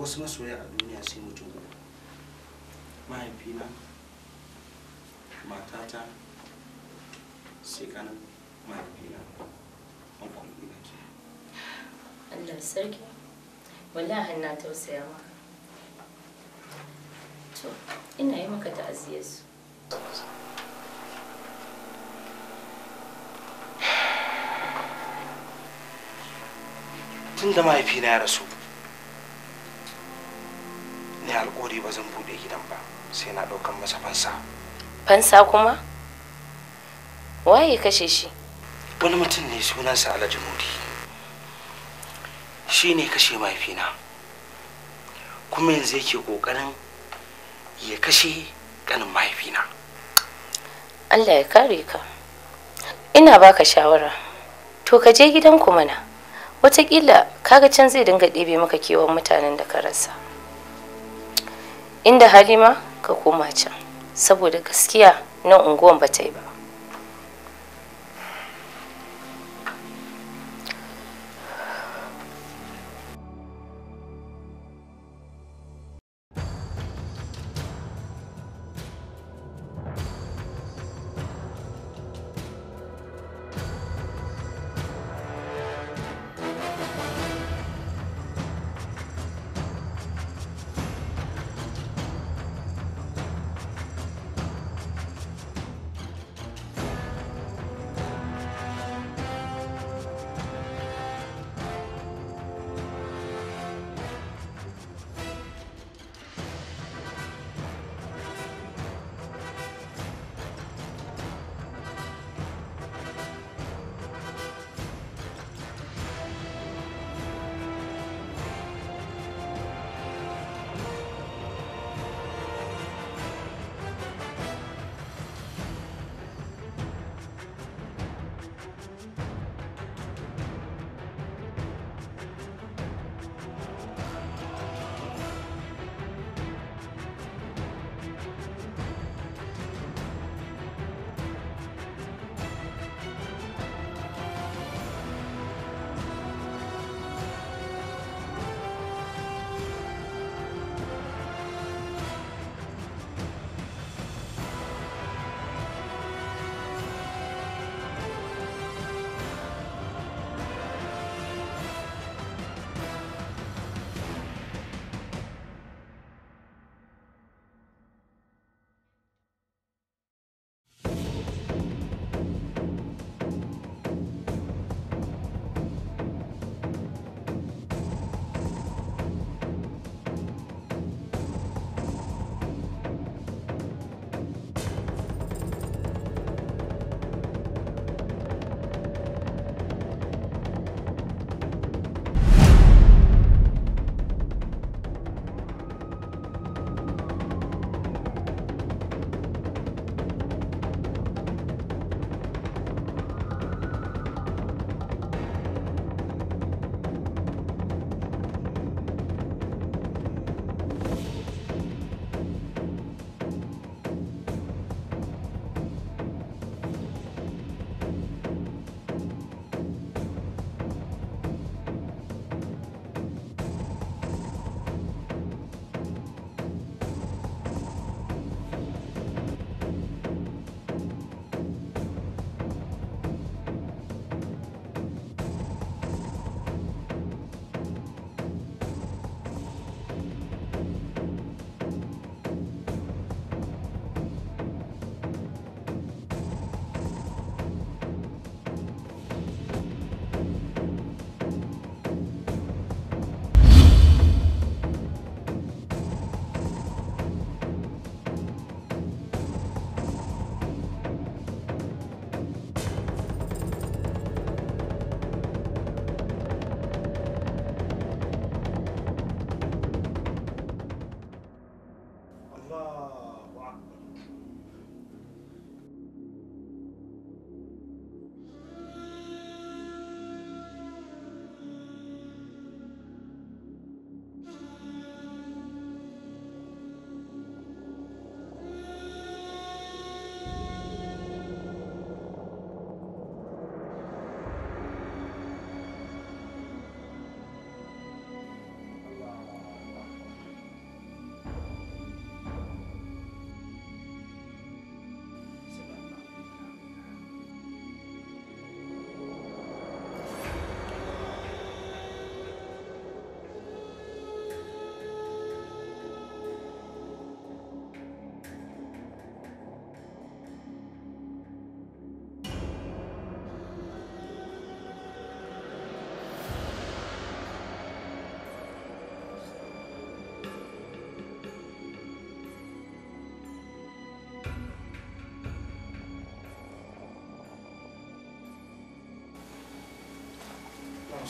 wasu masoya a duniya sai mutum guda mahaifina matata sai kanan mahaifina amfani da ke Allah sarki wallahi na tausaya maka to ina yi maka ta'aziyar su tun da mahaifina ya rasu haƙuri ba zan buɗe gidan ba sai na ɗaukan masa fansa fansa kuma waye kashe shi wani mutum ne sunansa alhaji mudi shi ne kashe mahaifina kuma yanzu yake ƙoƙarin ya kashe ƙanin mahaifina allah ya kare ka ina baka shawara to ka je gidanku mana watakila kaga can zai dinga ɗebe maka kewan mutanen da ka rasa inda halima ka koma can saboda gaskiya nan unguwan ba ta yi ba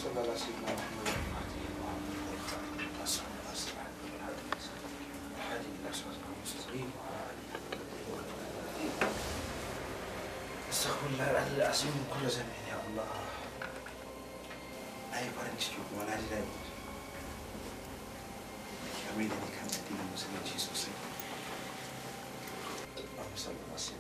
صلى على سيدنا محمد المهدي وعلى اله وصحبه وسلم وسلم الحادي الى صراط المستقيم وعلى اله استغفر الله العلي العظيم من كل ذنب يا الله أي فرنش كيوكو أنا أجل أبوز كامل أني كانت الدين المسلمين جيسوسي اللهم صل وسلم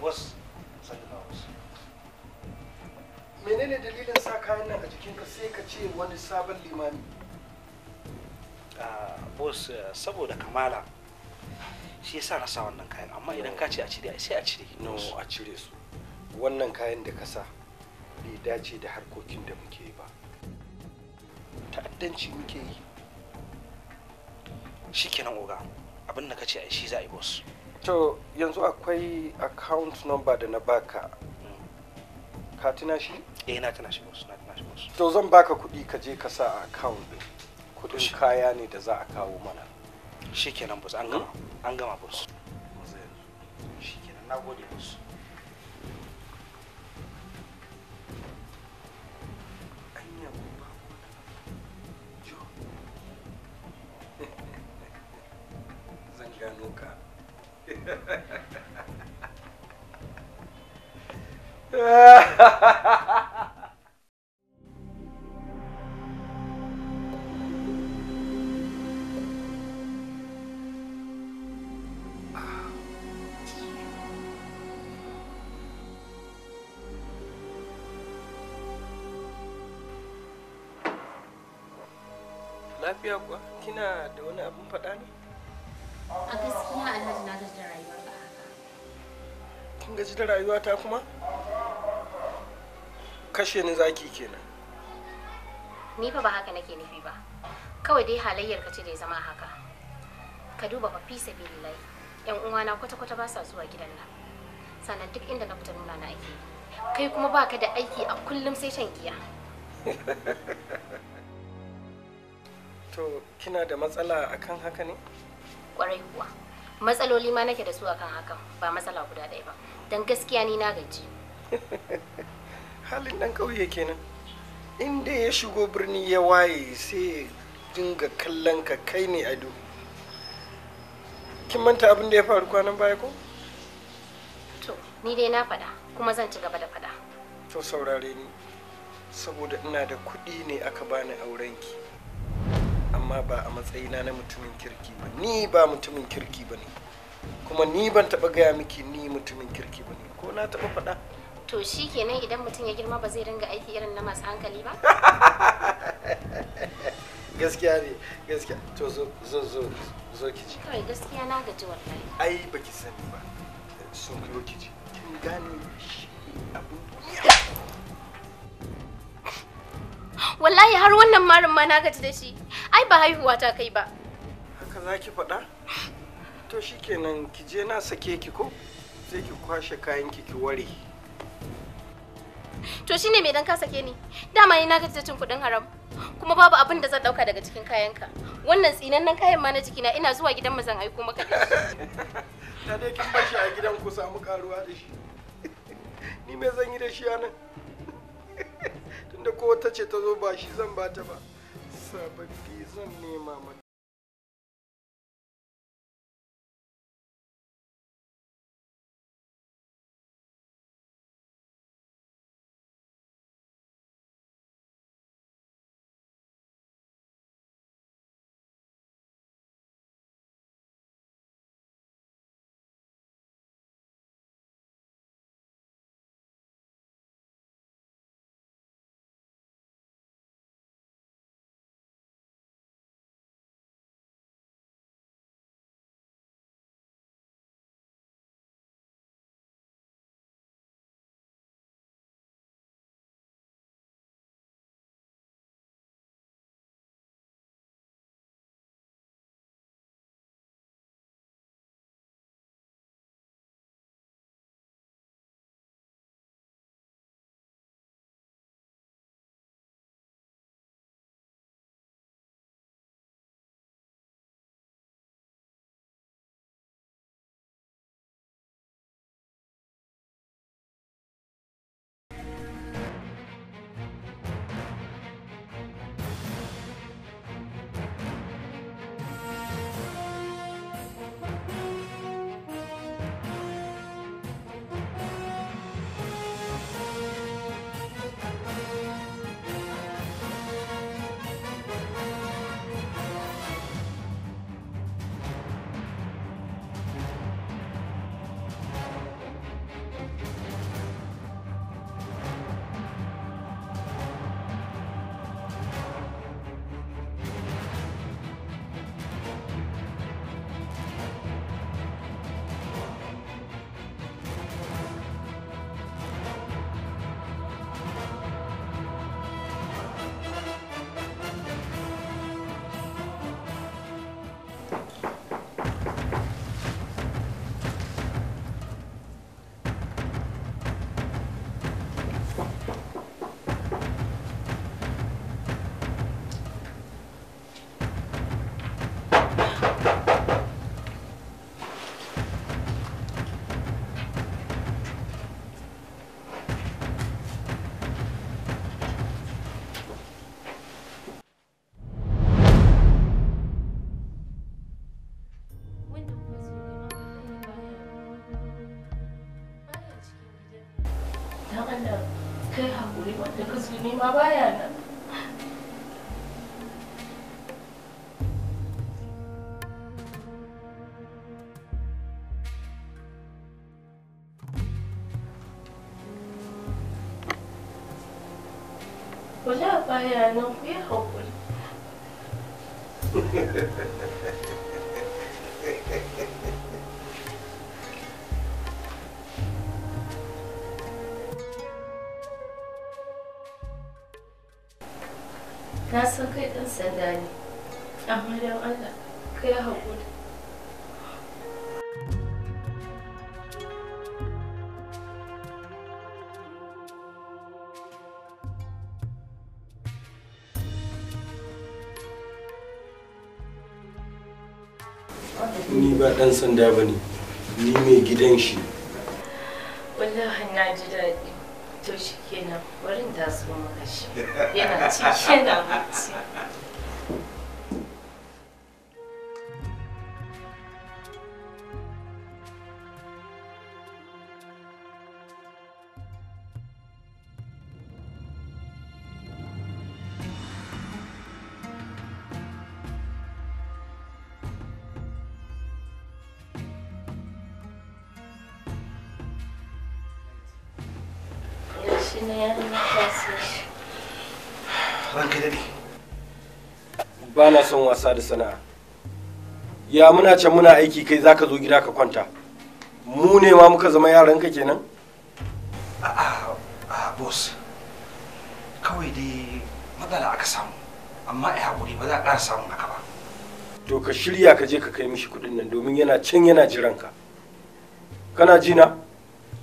was sallallahu menene dalilin sa kayan nan a jikinka sai ka ce wani sabon limami ah, bos eh, saboda kamala shi yasa na sa wannan kayan amma idan ka ce a cire sai a cire no a cire su wannan kayan da ka sa bai dace da harkokin da muke yi ba ta'addanci muke yi shi kenan oga abin da ka ce a shi za a yi boss to yanzu akwai account number da na baka ka tuna shi? eh na tuna shi musu na tuna shi musu to zan baka kudi ka je ka sa a account din kudin kaya ne da za a kawo mana shikenan boss an gama an gama bus shikenan nagode boss Lafiya kuwa kina da wani abin faɗa ne? A gaskiya Alhaji na gaji da rayuwa ka haka. Kin gaji da rayuwa ta kuma? Kashe ni zaki kenan. Ni fa ba haka nake nufi ba. Kawai dai halayyar ka ce da ya zama haka. Ka duba fa fi sabilillahi. Yan uwana kwata-kwata ba sa zuwa gidan nan. Sannan duk inda na fita nuna na aiki. Kai kuma baka da aiki a kullum sai shan giya. [LAUGHS] To kina da matsala akan haka ne? Kwarai kuwa. Matsaloli ma nake da su akan hakan ba matsala guda ɗaya ba. Don gaskiya ni na gaji. [LAUGHS] Halin dan ƙauye kenan. Inda ya shigo birni ya waye sai dinga kallon ka kai ne ado. Kin manta abin da ya faru kwanan baya ko? To, ni dai na faɗa kuma zan ci gaba da faɗa. To saurare ni, saboda ina da kuɗi ne aka bani aurenki. amma ba a matsayina na mutumin kirki ba ni ba mutumin kirki ba ne kuma ni ban taɓa gaya miki ni mutumin kirki ba ne ko na taɓa faɗa to shi kenan idan mutum ya girma ba zai ringa aiki irin na masu hankali ba [LAUGHS] gaskiya ne gaskiya to zo zo zo zo ki ji kawai gaskiya na gaji wallahi ai baki sani ba ki biyo ki ji kin gane shi wallahi har wannan marin ma na gaji da shi ai ba haihuwa ta kai ba haka za ki faɗa to shikenan ki je na sake ki ko sai ki kwashe kayan ki ki ware to shine me dan ka sake ni dama ni na ga da cin kuɗin haram kuma babu abin da zan ɗauka daga cikin kayanka wannan tsinannen kayan ma na jikina ina zuwa gidan mazan aiko maka da shi [LAUGHS] ta dai kin bar shi a gidan ku samu karuwa da shi [LAUGHS] ni me zan yi da shi anan [LAUGHS] tunda ko wata ce ta zo ba shi zan bata ba sababbi cái niềm mà, mà ma baya nan Ko sha baya nan dan sanda ba ne ni mai gidan shi wallahi na ji daɗi to shi kenan warin da su maka shi yana ci yana wasa da sana'a ya muna can muna aiki kai zaka zo gida ka kwanta mu ne ma muka zama yaranka kenan a'a a boss kawai dai matsala aka samu amma ai hakuri ba za a ƙara samun haka ba to ka shirya ka je ka kai mishi kuɗin nan domin yana can yana jiran ka kana ji na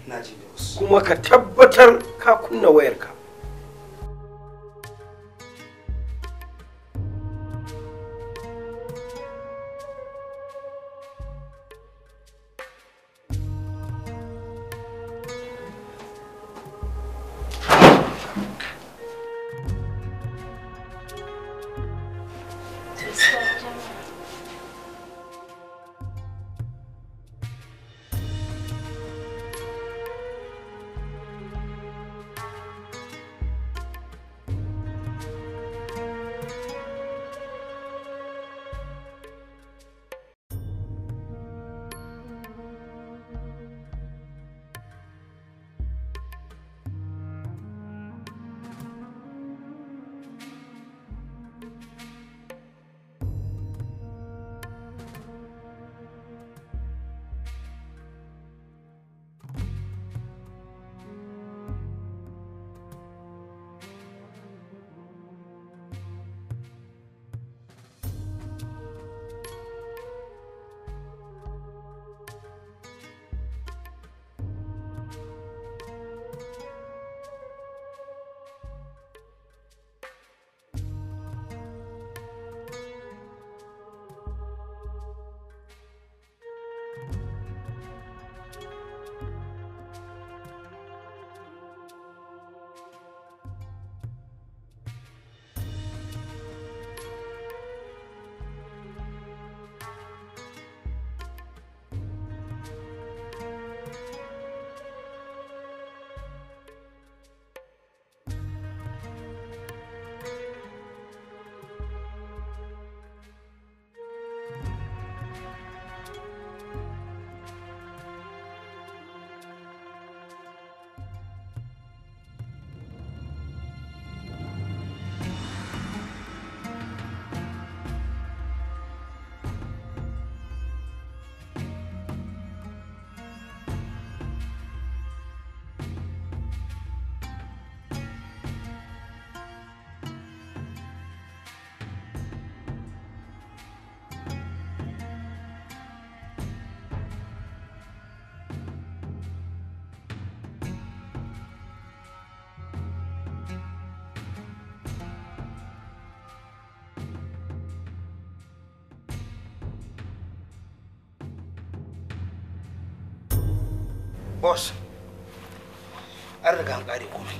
na ji kuma ka tabbatar ka kunna wayarka an riga an kare komai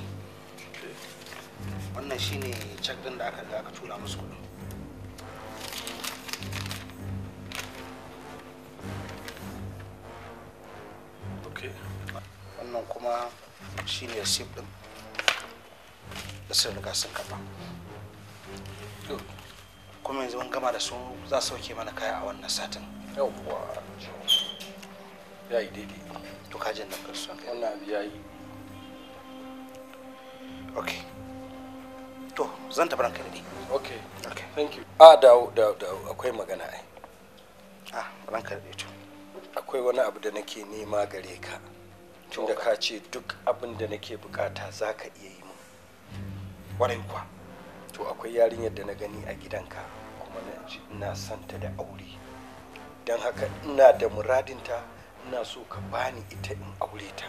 wannan shine check din da aka riga aka tura musu kudin wannan kuma shine receipt din da sun riga sun kafa kuma yanzu mun gama da su za su sauke mana kaya a wannan satin yau kuwa ya yi daidai to kajin nan karsu wannan abu ya yi zan tafi ranka dai okay ok thank you a da da akwai magana ai ah ranka dai to akwai wani abu da nake nema gare ka tunda ka ce duk abin da nake bukata zaka iya yi mun warin kwa to akwai yarinyar da na gani a gidanka kuma na ji ina son ta da aure don haka ina da muradinta ina so ka bani ita in aure ta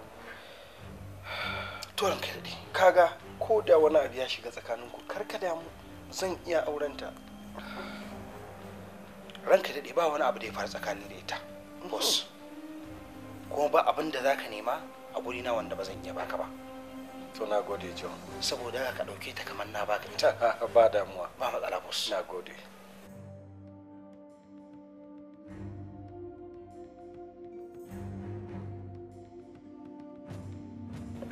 [SIGHS] to ranka dai kaga ko da wani abu ya shiga tsakaninku karka ka damu zan iya aurenta ranka daɗe ba wani abu da ya faru tsakanin da ita boss kuma ba abin da za ka nema a guri na wanda ba zan iya baka ba to na gode john saboda ka ɗauke ta kamar na baka ita [LAUGHS] ba damuwa ba matsala boss na gode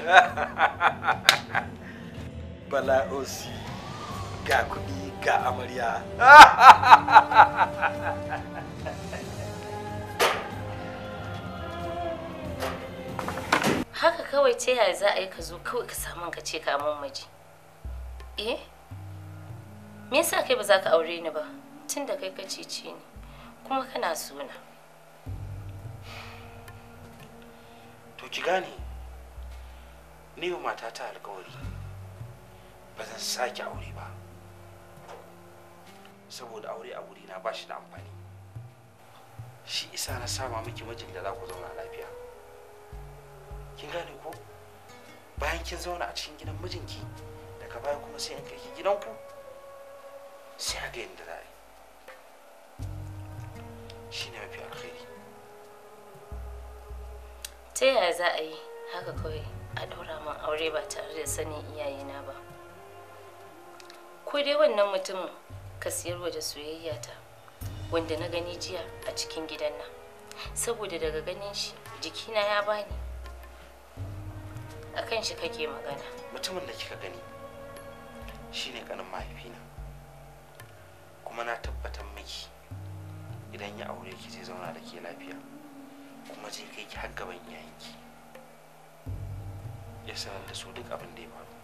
ha [LAUGHS] ha rossi ga kudi ga amarya. [LAUGHS] Haka kawai ta yaya za a yi ka zo kawai ka samu ka ce ka amon maji. Eh? Me yasa kai ba za ka aure ni ba? Tun da kai ka cece ni kuma kana suna. To ki gane, ni matata alkawari. ba zan sake aure ba saboda aure a na ba shi da amfani shi isa na sama miki mijin da za ku zauna lafiya kin gane ko bayan kin zauna a cikin gidan mijinki daga baya kuma sai in kai gidanku sai a ga yadda za yi shi ne mafi alkhairi ta yaya za a yi haka kawai a ɗora min aure ba tare da sanin iyayena ba ko dai wannan mutumin ka siyar waje da soyayya ta wanda na gani jiya a cikin gidan nan saboda daga ganin shi jikina ya bani a kan shi kake magana mutumin da kika gani shine kanin mahaifina kuma na tabbatar miki idan ya aure ki zai zauna da ke lafiya kuma zai kai ki har gaban iyayenki ya sanar da su duk abin da ya faru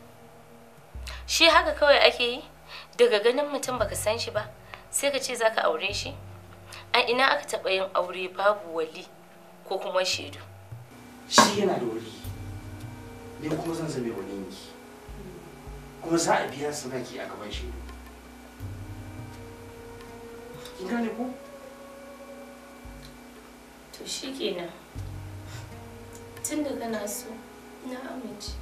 shi haka kawai ake yi daga ganin mutum baka san shi ba sai ka ce zaka aure shi a ina aka taɓa yin aure babu wali ko kuma shaidu shi yana da wali ne kuma zan zame wani yanki kuma za a biya naki a gaban shaidu kin gane ko to shikenan tun da kana so na amince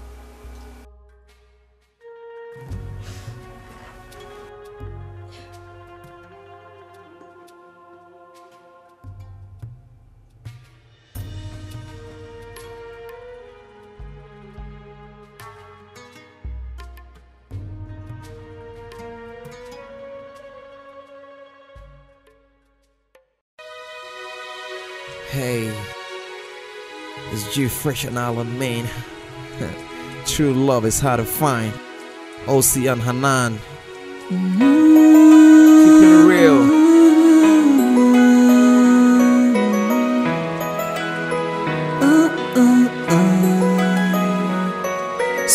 you fresh on Island, Maine. True love is hard to find. OC and Hanan. Keep it real.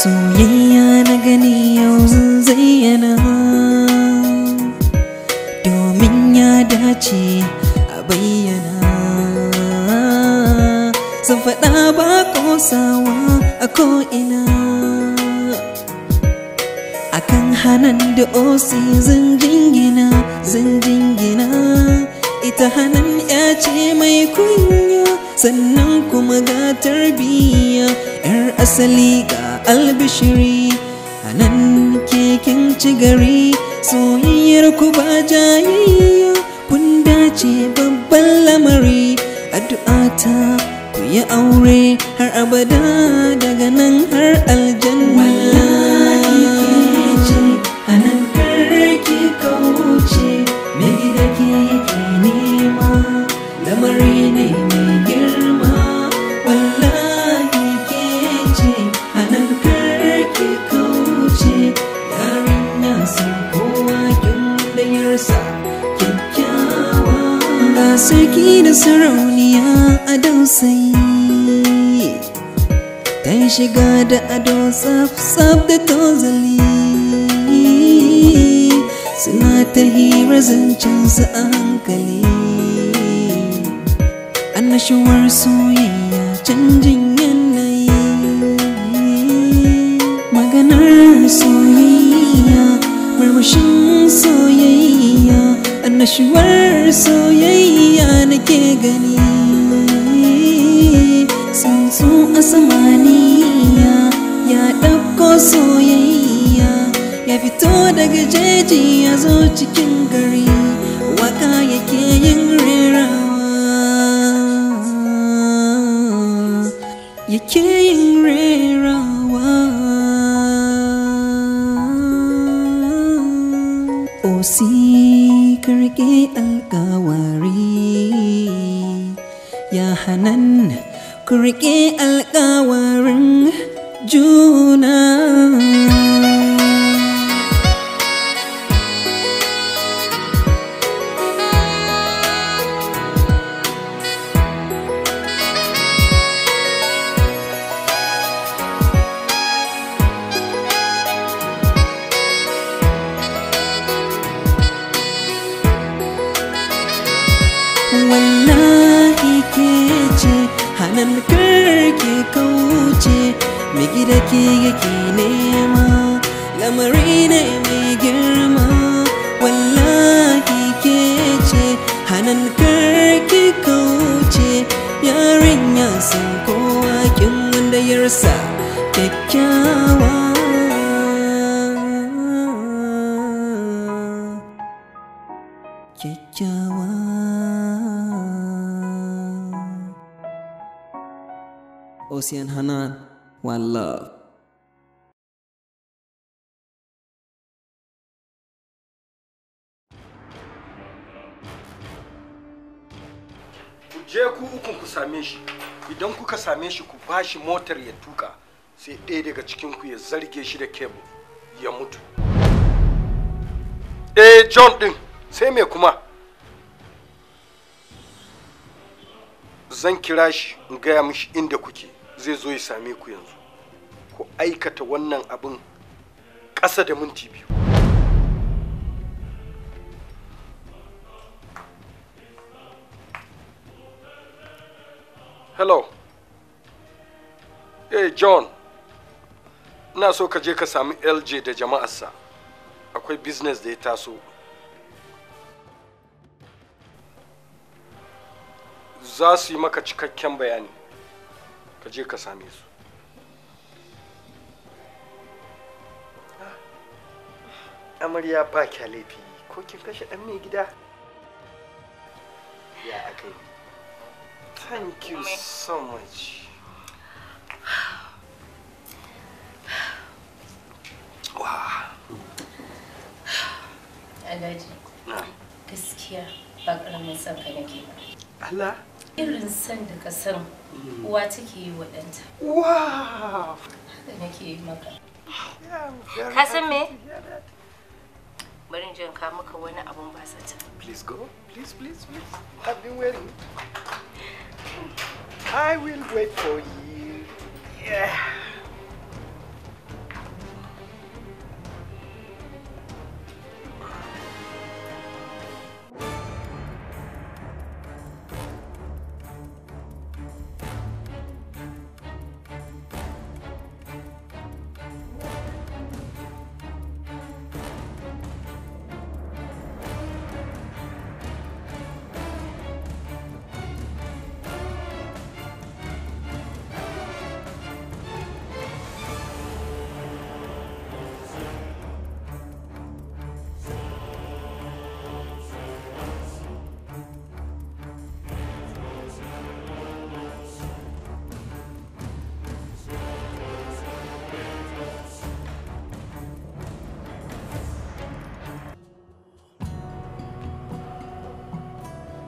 Suyana ganiyo zayana osi zan jingina zan jingina ita hannun ya ce mai kunya sannan kuma ga tarbiyya yar asali ga albishiri hannun keken ci gari soyayyar ku ba jayayya kun dace babban lamari addu'ata ku yi aure har abada daga nan har al shiga da ado tsaf-tsaf da tozali suna ta hira su a hankali annashuwar su soyayya ya fito daga jeji ya zo cikin gari waka yake yin rerawa yake yin rerawa o si karge alkawari ya hanan kurke alkawari Hanan one love. Ku je ku uku ku same shi, idan kuka same shi ku bashi motar ya tuka sai ɗaya daga cikin ku ya zarge shi da kebul ya mutu. Eh John ɗin sai me kuma? Zan kira shi in gaya mishi inda kuke. zai zo ya same ku yanzu ku aikata wannan abin ƙasa da minti biyu hello hey john ina so ka je ka sami lj da jama'arsa akwai business da ya taso za su yi maka cikakken bayani ka je ka same su ah. amarya ba kya laifi ko kin kashe dan mai gida ya aka yi thank you so much Alhaji, gaskiya ba ƙaramin son ka nake ba. Allah? irin san da ka san mm-hmm. uwa take yi wa ɗanta. Wow! Haka nake yi maka. Ka san me? Bari in ka maka wani abun ba sata. Please go. Please, please, please. I've been waiting. I will wait for you. Yeah. you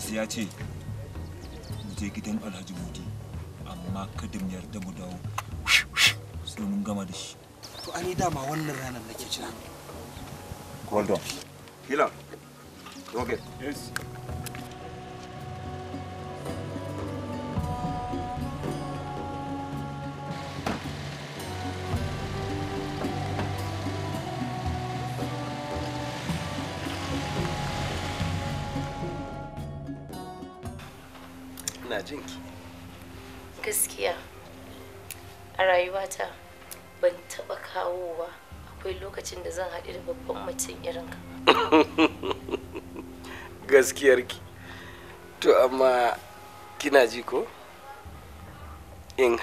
boss ya ce mu je gidan alhaji mudi amma kada mu yarda mu dawo sai mun gama da shi to ani dama wannan ranar nake jira on. Hila. Okay. Yes.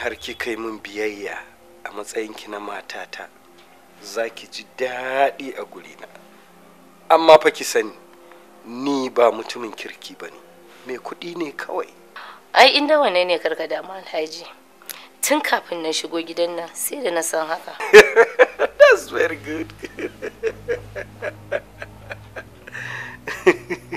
har kika yi min biyayya a matsayinki na matata za ki ji daɗi a gurina amma fa ki sani ni ba mutumin kirki ba ne mai kuɗi ne kawai ai inda wane ne karka damu alhaji tun kafin na shigo gidan nan sai da na san haka [LAUGHS] that's very good [LAUGHS]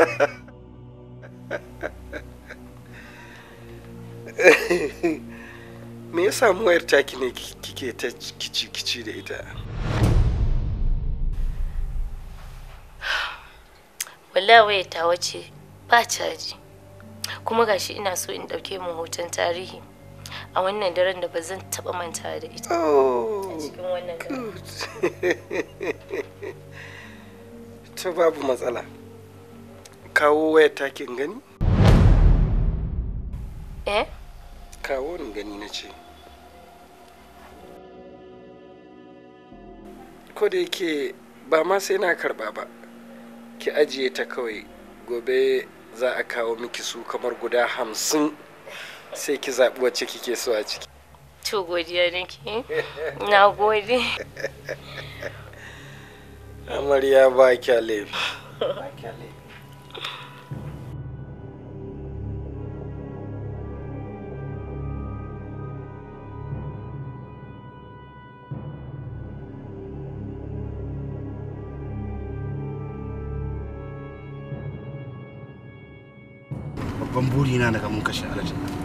[LAUGHS] me ya samu wayar taki ne kike ta kici-kici da ita wallahi ta wace ba caji kuma gashi ina so in ɗauke mu hoton tarihi a wannan daren da ba zan taɓa manta da ita oh, a cikin wannan daren [LAUGHS] to babu matsala kawo wayar take gani? eh kawo ni gani na ce ko da yake ba ma sai na karba ba ki ajiye ta kawai gobe za a kawo miki su kamar guda hamsin sai ki zaɓi wacce kike so a ciki to godiya nake na gode amarya ba kyale ba kyale guri na daga mun kashe aljanna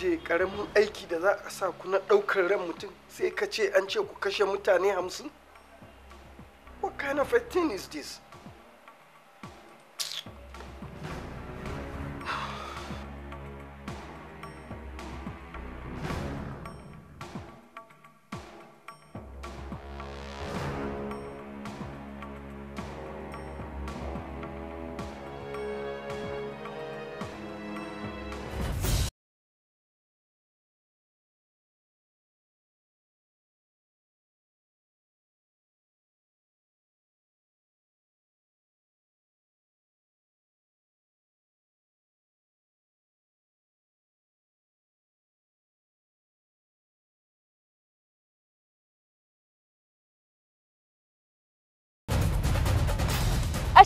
je karamin aiki da za a sa ku na ɗaukar ran mutum sai ka ce an ce ku kashe mutane hamsin? What kind of a thing is this?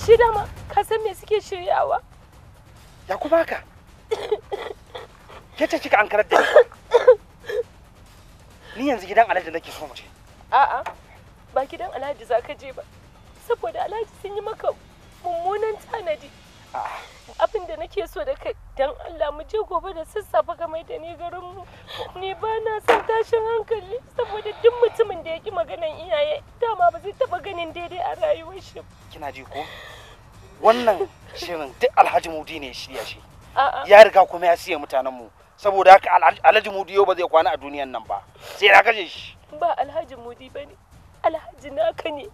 ashe dama ka san me suke shiryawa ya kuma ka ke ce kika an karar da ni yanzu gidan alhaji nake so mace a'a ba gidan alhaji za ka je ba saboda alhaji sun yi maka mummunan tanadi abin da nake so da kai dan Allah mu je gobe da sassafe ka mai da ni garin mu ni ba na son tashin hankali saboda duk mutumin da ya ki maganan iyaye dama ba zai taba ganin daidai a rayuwar shi kina ji ko wannan shirin duk Alhaji Mudi ne shirya shi ya riga kuma ya siya mutanen mu saboda haka Alhaji Mudi yau ba zai kwana a duniyan nan ba sai ya kaje shi ba Alhaji Mudi bane Alhaji naka ne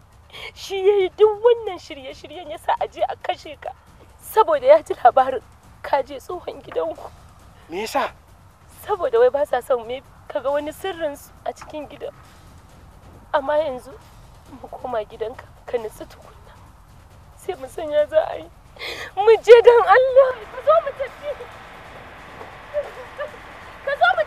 shi yayi duk wannan shirye-shiryen yasa aje a kashe ka saboda ya ji labarin ka je tsohon gidanku me yasa saboda wai ba sa son me kaga wani sirrin su a cikin gidan amma yanzu mu koma gidanka ka nutsu tukunna sai mu ya za a yi mu je don Allah ka zo mu tafi ka zo mu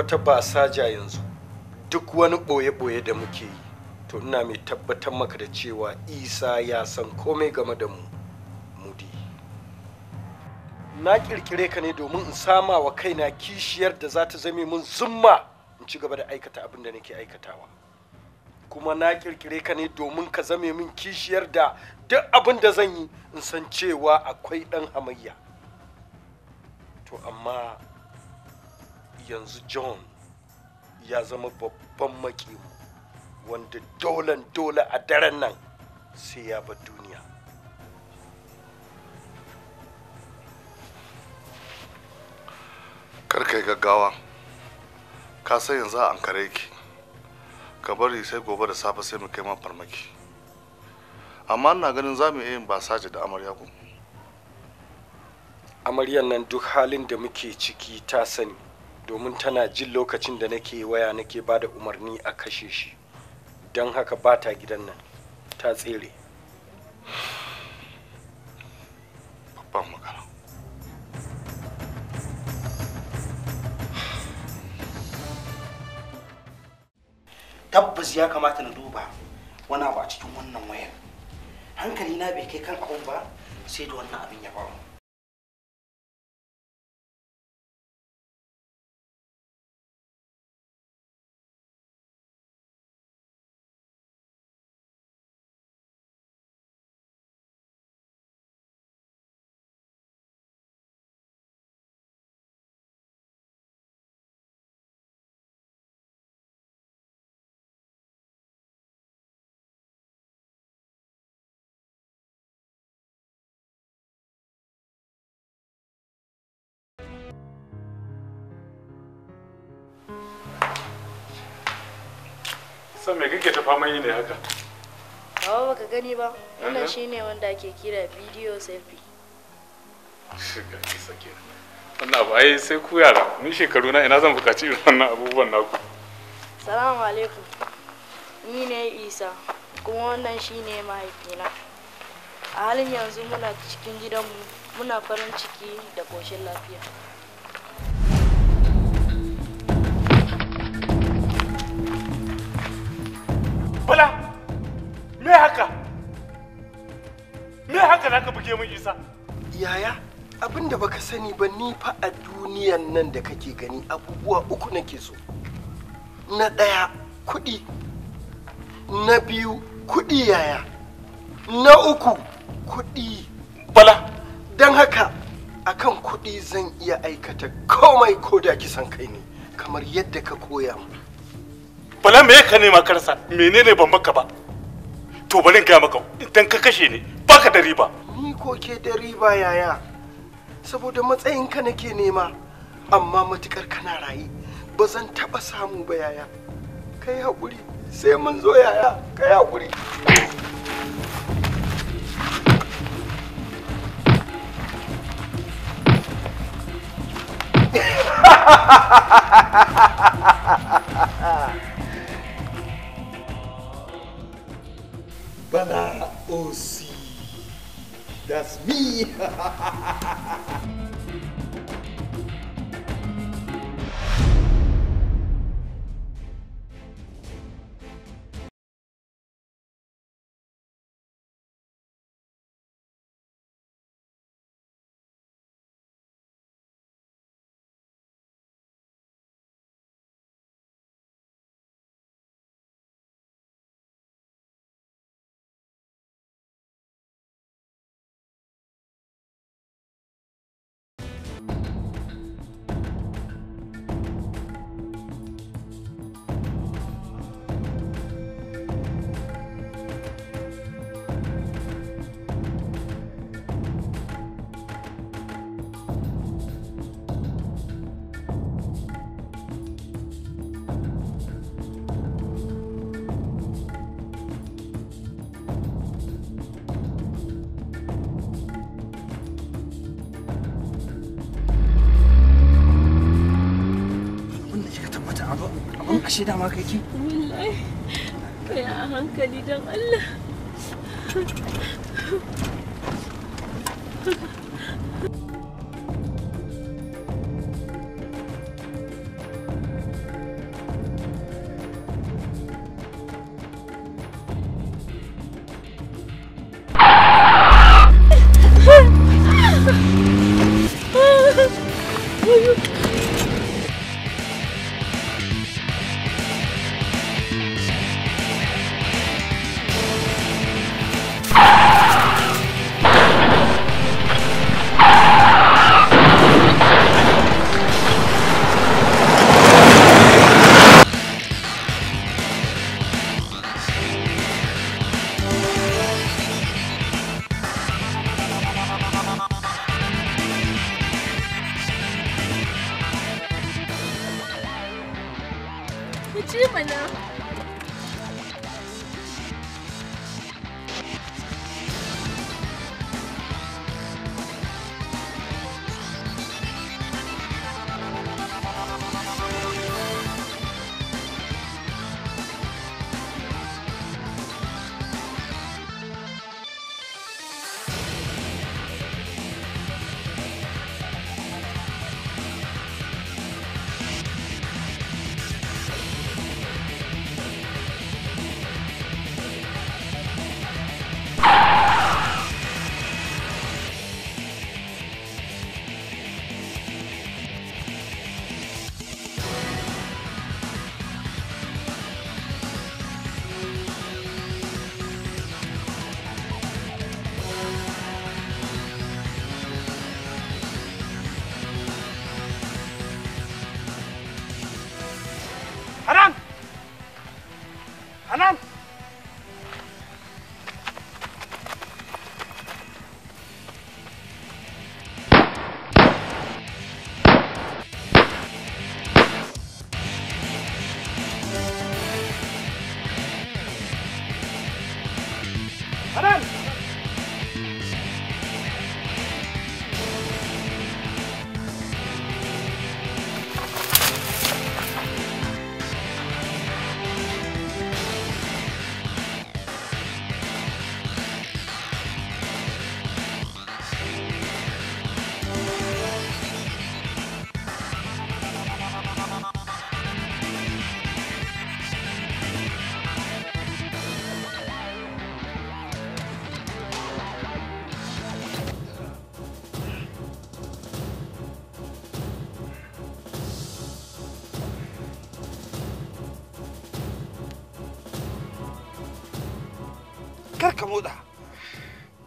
wata basaja yanzu duk wani boye-boye da muke yi to ina mai tabbatar maka da cewa isa ya san komai game da mu mudi na kirkire ka ne domin in sama wa kaina kishiyar da za ta zame mun zumma in ci gaba da aikata abin da nake aikatawa kuma na kirkire ka ne domin ka zame mun kishiyar da duk abin da zan yi in san cewa akwai ɗan hamayya to amma yanzu john ya zama babban makimu wanda dolan dole a daren nan sai ya bar duniya karkai gaggawa ka san yanzu a kare ki ka bari sai gobe da safe sai mu kai ma farmaki amma ina ganin za mu iya yin basaje da amarya ku amaryan nan duk halin da muke ciki ta sani domin tana jin lokacin da nake waya nake ba da umarni a kashe shi don haka ba ta gidan nan ta tsere babban magana tabbas ya kamata na duba wani abu a cikin wannan wayan hankali na bai kai kan abun ba sai da wannan abin ya faru me kake ta faman yi ne haka ba baka gani ba wannan shine wanda ake kira video selfie shiga ki sake wannan abu ai sai ku yara ni shekaru na ina zan bukaci irin wannan abubuwan naku salamu alaikum ni ne isa kuma wannan shine mahaifina a halin yanzu muna cikin gidanmu muna farin ciki da koshin lafiya bala me haka me haka ka buge min isa yaya abinda baka sani ba ni fa a duniyan nan da kake gani abubuwa uku nake so na ɗaya kuɗi na biyu kuɗi yaya na uku kuɗi bala don haka akan kuɗi zan iya aikata komai ko da kisan kai ne kamar yadda ka koya mu bala me ka nema karsa menene ban maka ba to bari gaya maka idan ka kashe ni baka da riba ni ko ke da riba yaya saboda matsayin ka nake nema amma matukar kana rayi ba zan taba samu ba yaya kai hakuri sai mun zo yaya kai hakuri ha [LAUGHS] ha ha ha ha ha Bana aussi. Oh, That's me. [LAUGHS] shi dama kake wallahi kai a hankali don Allah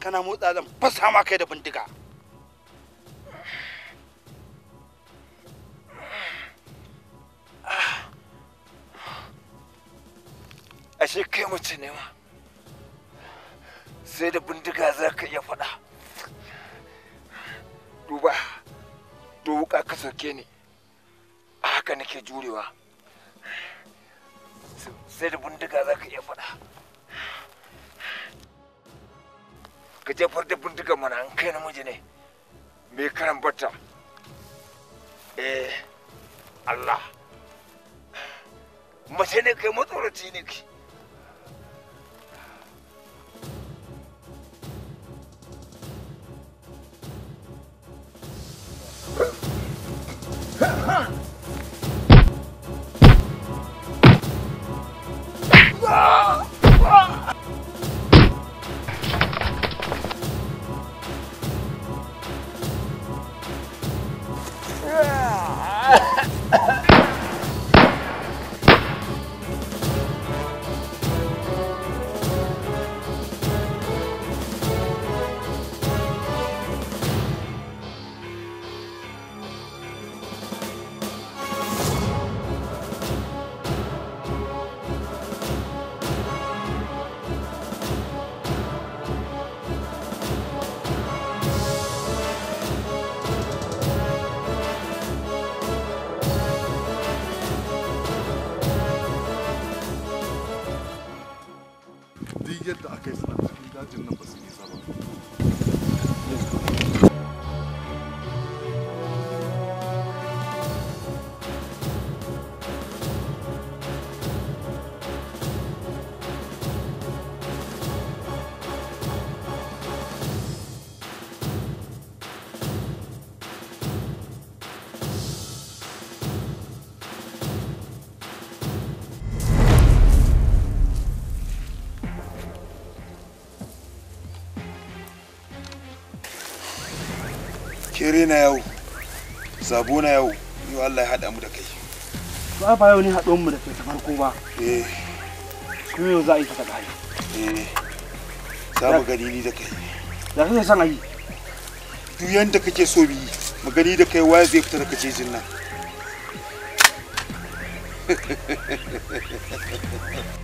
kana motsa zan fasa ma kai da bindiga kere na yau zabo na yau yau Allah ya haɗa mu da kai to a ba yau ne haɗuwan mu da kai ta farko ba eh ku yau za a yi ta ƙari eh za mu gani ni da kai da kake san a yi duk yanda kake so bi mu gani da kai waye zai fita da kace jin nan [LAUGHS]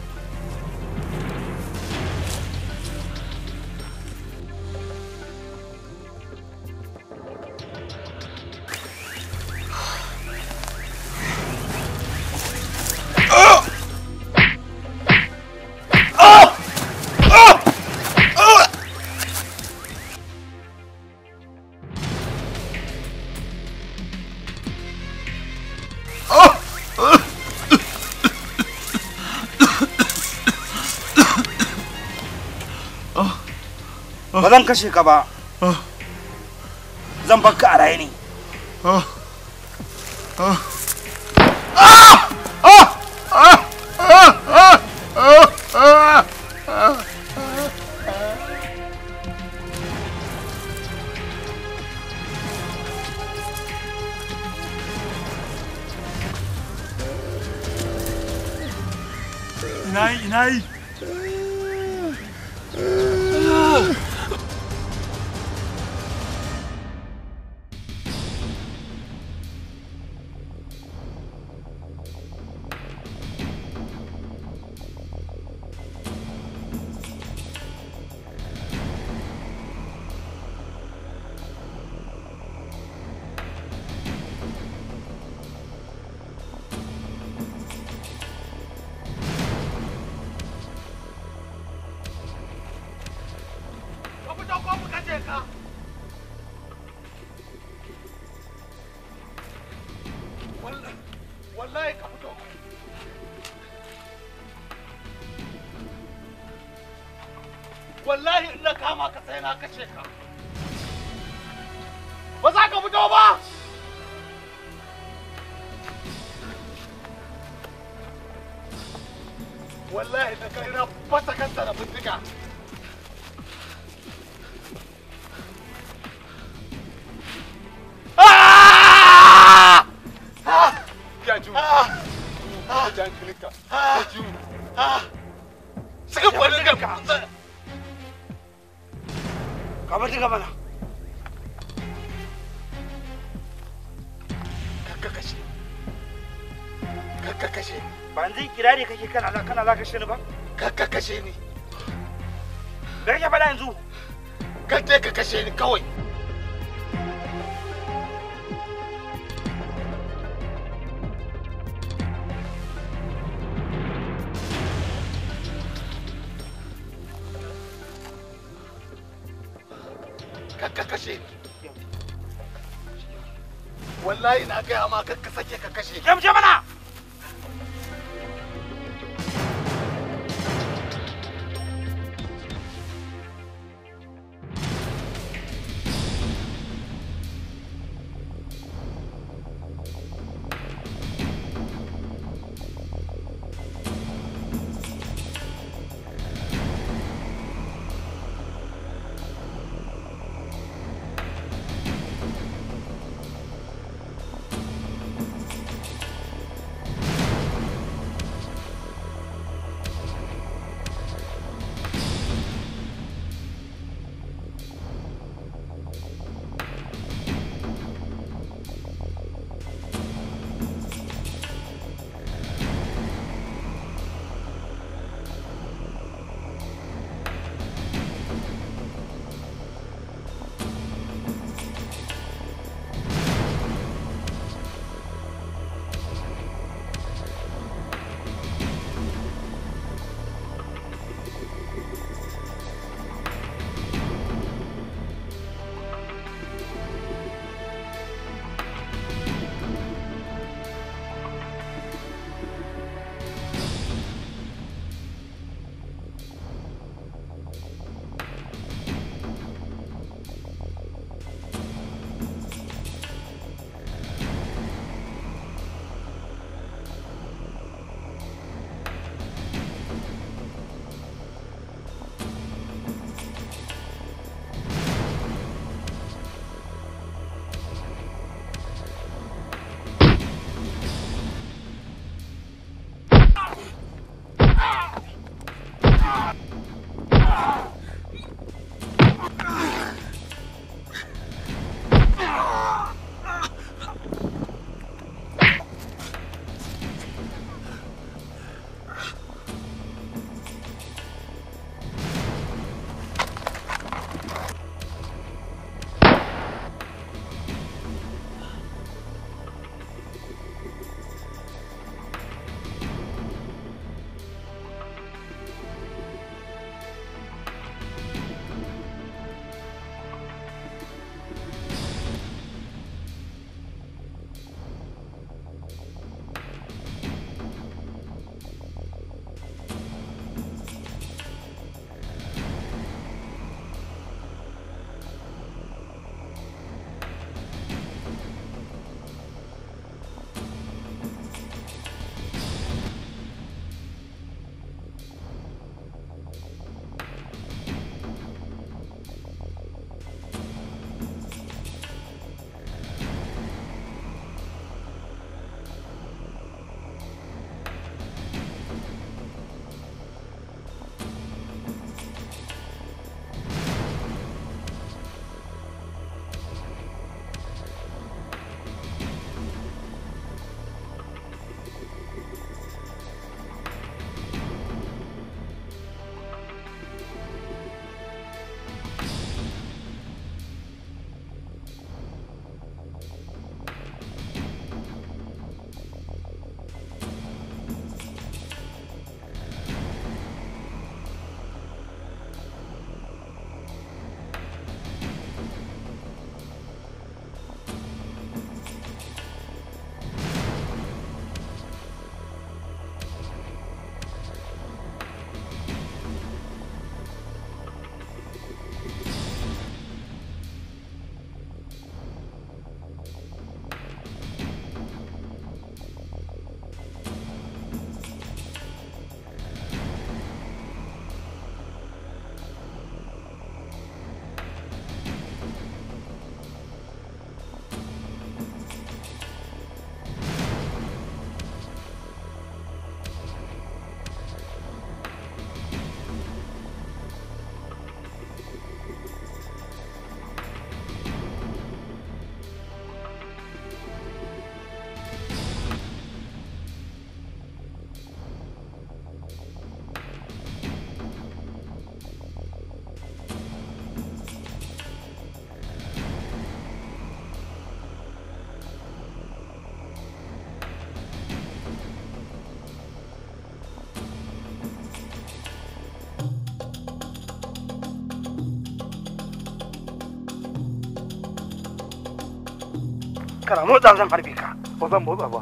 zan kashe ka ba ah. zan bakka a raye ne ah. kashe ni ba ka kashe ni gari ya faɗa yanzu ka je ka kashe ni kawai ka kashe ni wallahi na gaya ma ka sake ka kashe ni jam-jamana. kana motsa zan harbe ka ba zan motsa ba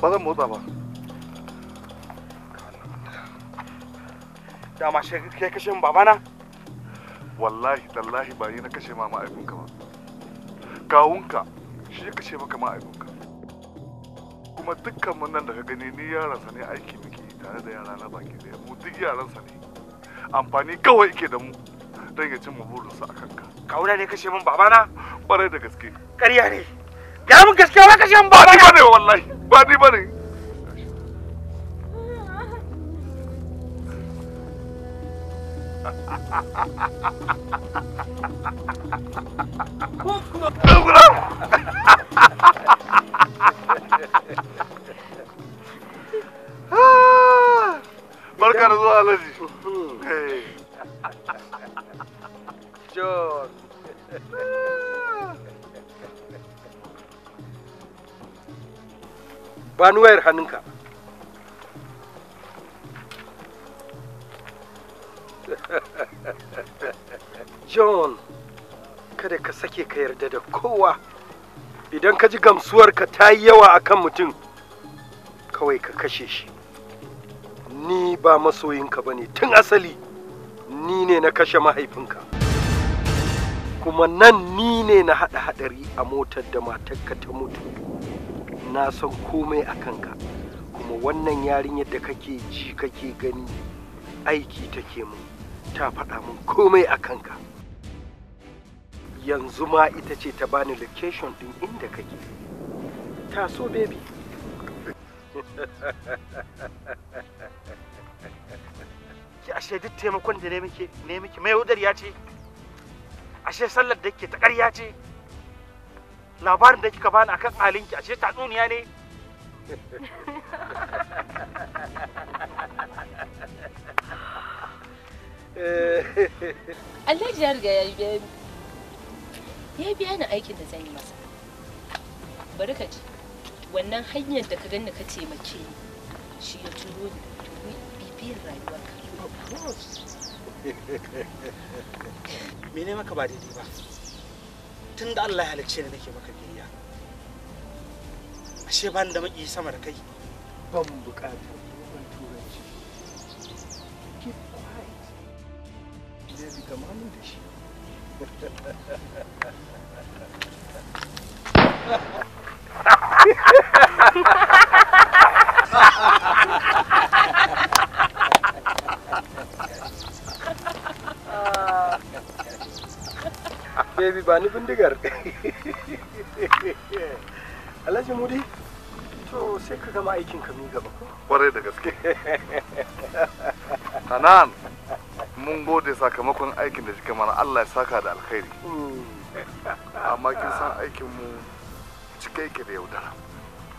ba zan motsa ba dama shi kai kashe babana wallahi tallahi ba ni na kashe ma ma'aikunka ba kawunka shi ya kashe maka ka kuma dukkan mun nan da ka gani ni yaransa ne aiki muke tare da yara na baki daya mu duk yaransa ne amfani kawai yake da mu don ya cimma sa a ka. kawuna ne kashe min na. ƙwarai da gaske ƙarya ne Gaya min gaskiya ba ka shan ba. Ba ni bane wallahi. Ba ni bane. Barka zuwa Alhaji. bani wayar hannunka [LAUGHS] john kada ka sake ka yarda da kowa idan ka ji gamsuwarka ta yi yawa akan mutum kawai ka kashe shi ni ba masoyinka ba ne tun asali ni ne na kashe mahaifinka kuma nan ni ne na haɗa hadari a motar da matarka ta mutu na san komai a kanka kuma wannan yarinyar da kake ji kake gani aiki take mun ta faɗa mun komai a kanka yanzu ma ita ce ta bani location ɗin inda kake ta so baby ki ashe duk taimakon da ne muke ne muke mai wudar ya ce ashe sallar da ke ta ƙarya ce labarin da kika bani akan halinki ashe tatsuniya ne [LAUGHS] Allah ya riga ya biya ni. Ya aikin da zan yi masa. Bari ka ji, wannan hanyar da ka gani ka taimake ni shi ya turo ni domin bibiyar rayuwarka. [LAUGHS] Mene maka ba daidai ba? tun da Allah ya halicce ni nake maka ashe ban da maki sama da kai ban buƙatar ban turanci keep quiet zai kamanin da shi ha ha ha ha Baby ba ni bindigar. Alhaji Mudi, to sai ka gama aikin ka mi gaba. Kwarai da gaske. Hanan, mun gode sakamakon aikin da kika mana Allah ya saka da alkhairi. Hmm. Amma kin san aikin mu cike yake da yaudara.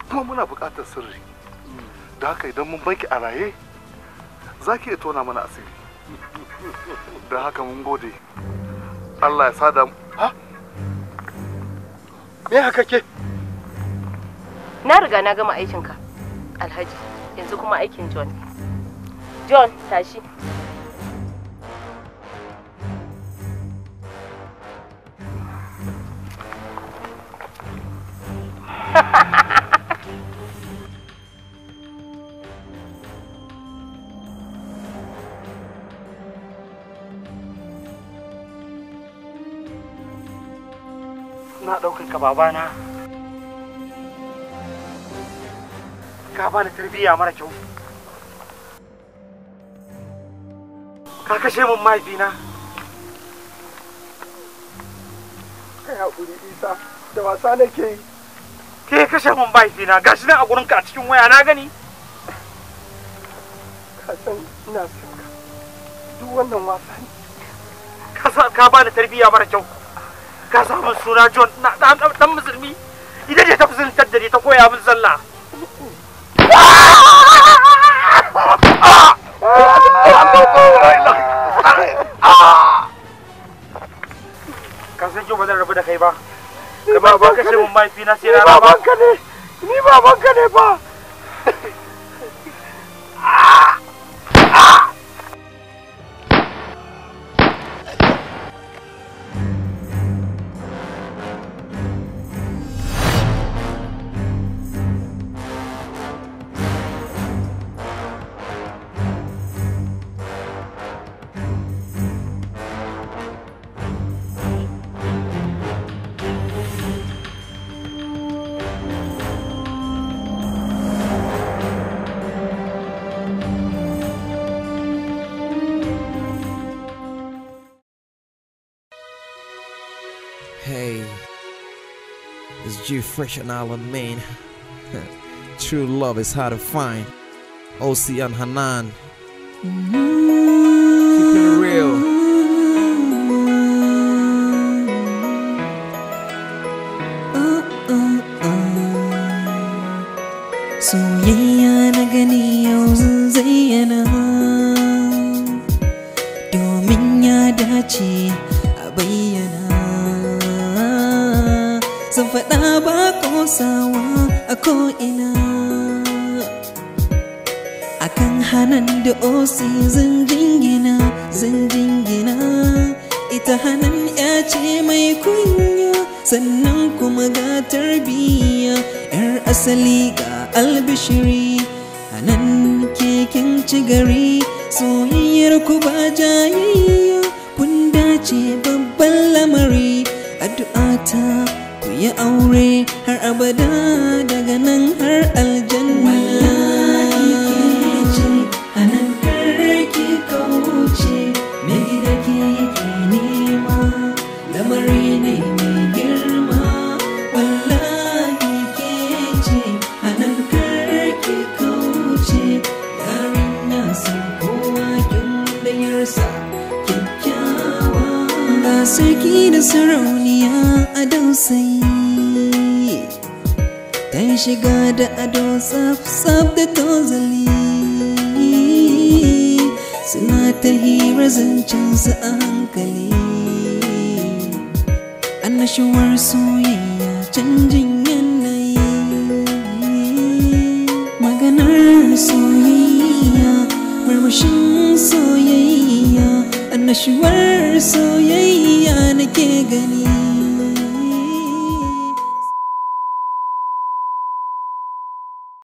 Kuma muna buƙatar sirri. Hmm. Da haka idan mun banki a raye, za ki iya tona mana asiri. Da haka mun gode. Allah ya sada mu Ha? Me haka ke? Na riga na gama aikinka, Alhaji, yanzu kuma aikin John. John, tashi. Ha ha ha! ɗaukar ka babana ka bani tarbiyya mara kyau ka kashe min mahaifina kai haƙuri isa da wasa nake yi ke kashe min mahaifina ga shi nan a gurinka a cikin waya na gani ka san ina son ka duk wannan wasa ne ka bani tarbiyya mara kyau ka samu suna john na dan musulmi idan ce ta kusantar da ni ta koya min sallah ka san ba zan rabu da kai ba ka ba ba kashe mun mahaifi na sai rana ba ni ba banka ne ba you G Fresh and Island Maine. [LAUGHS] True love is hard to find. Ocean Hanan. Mm -hmm.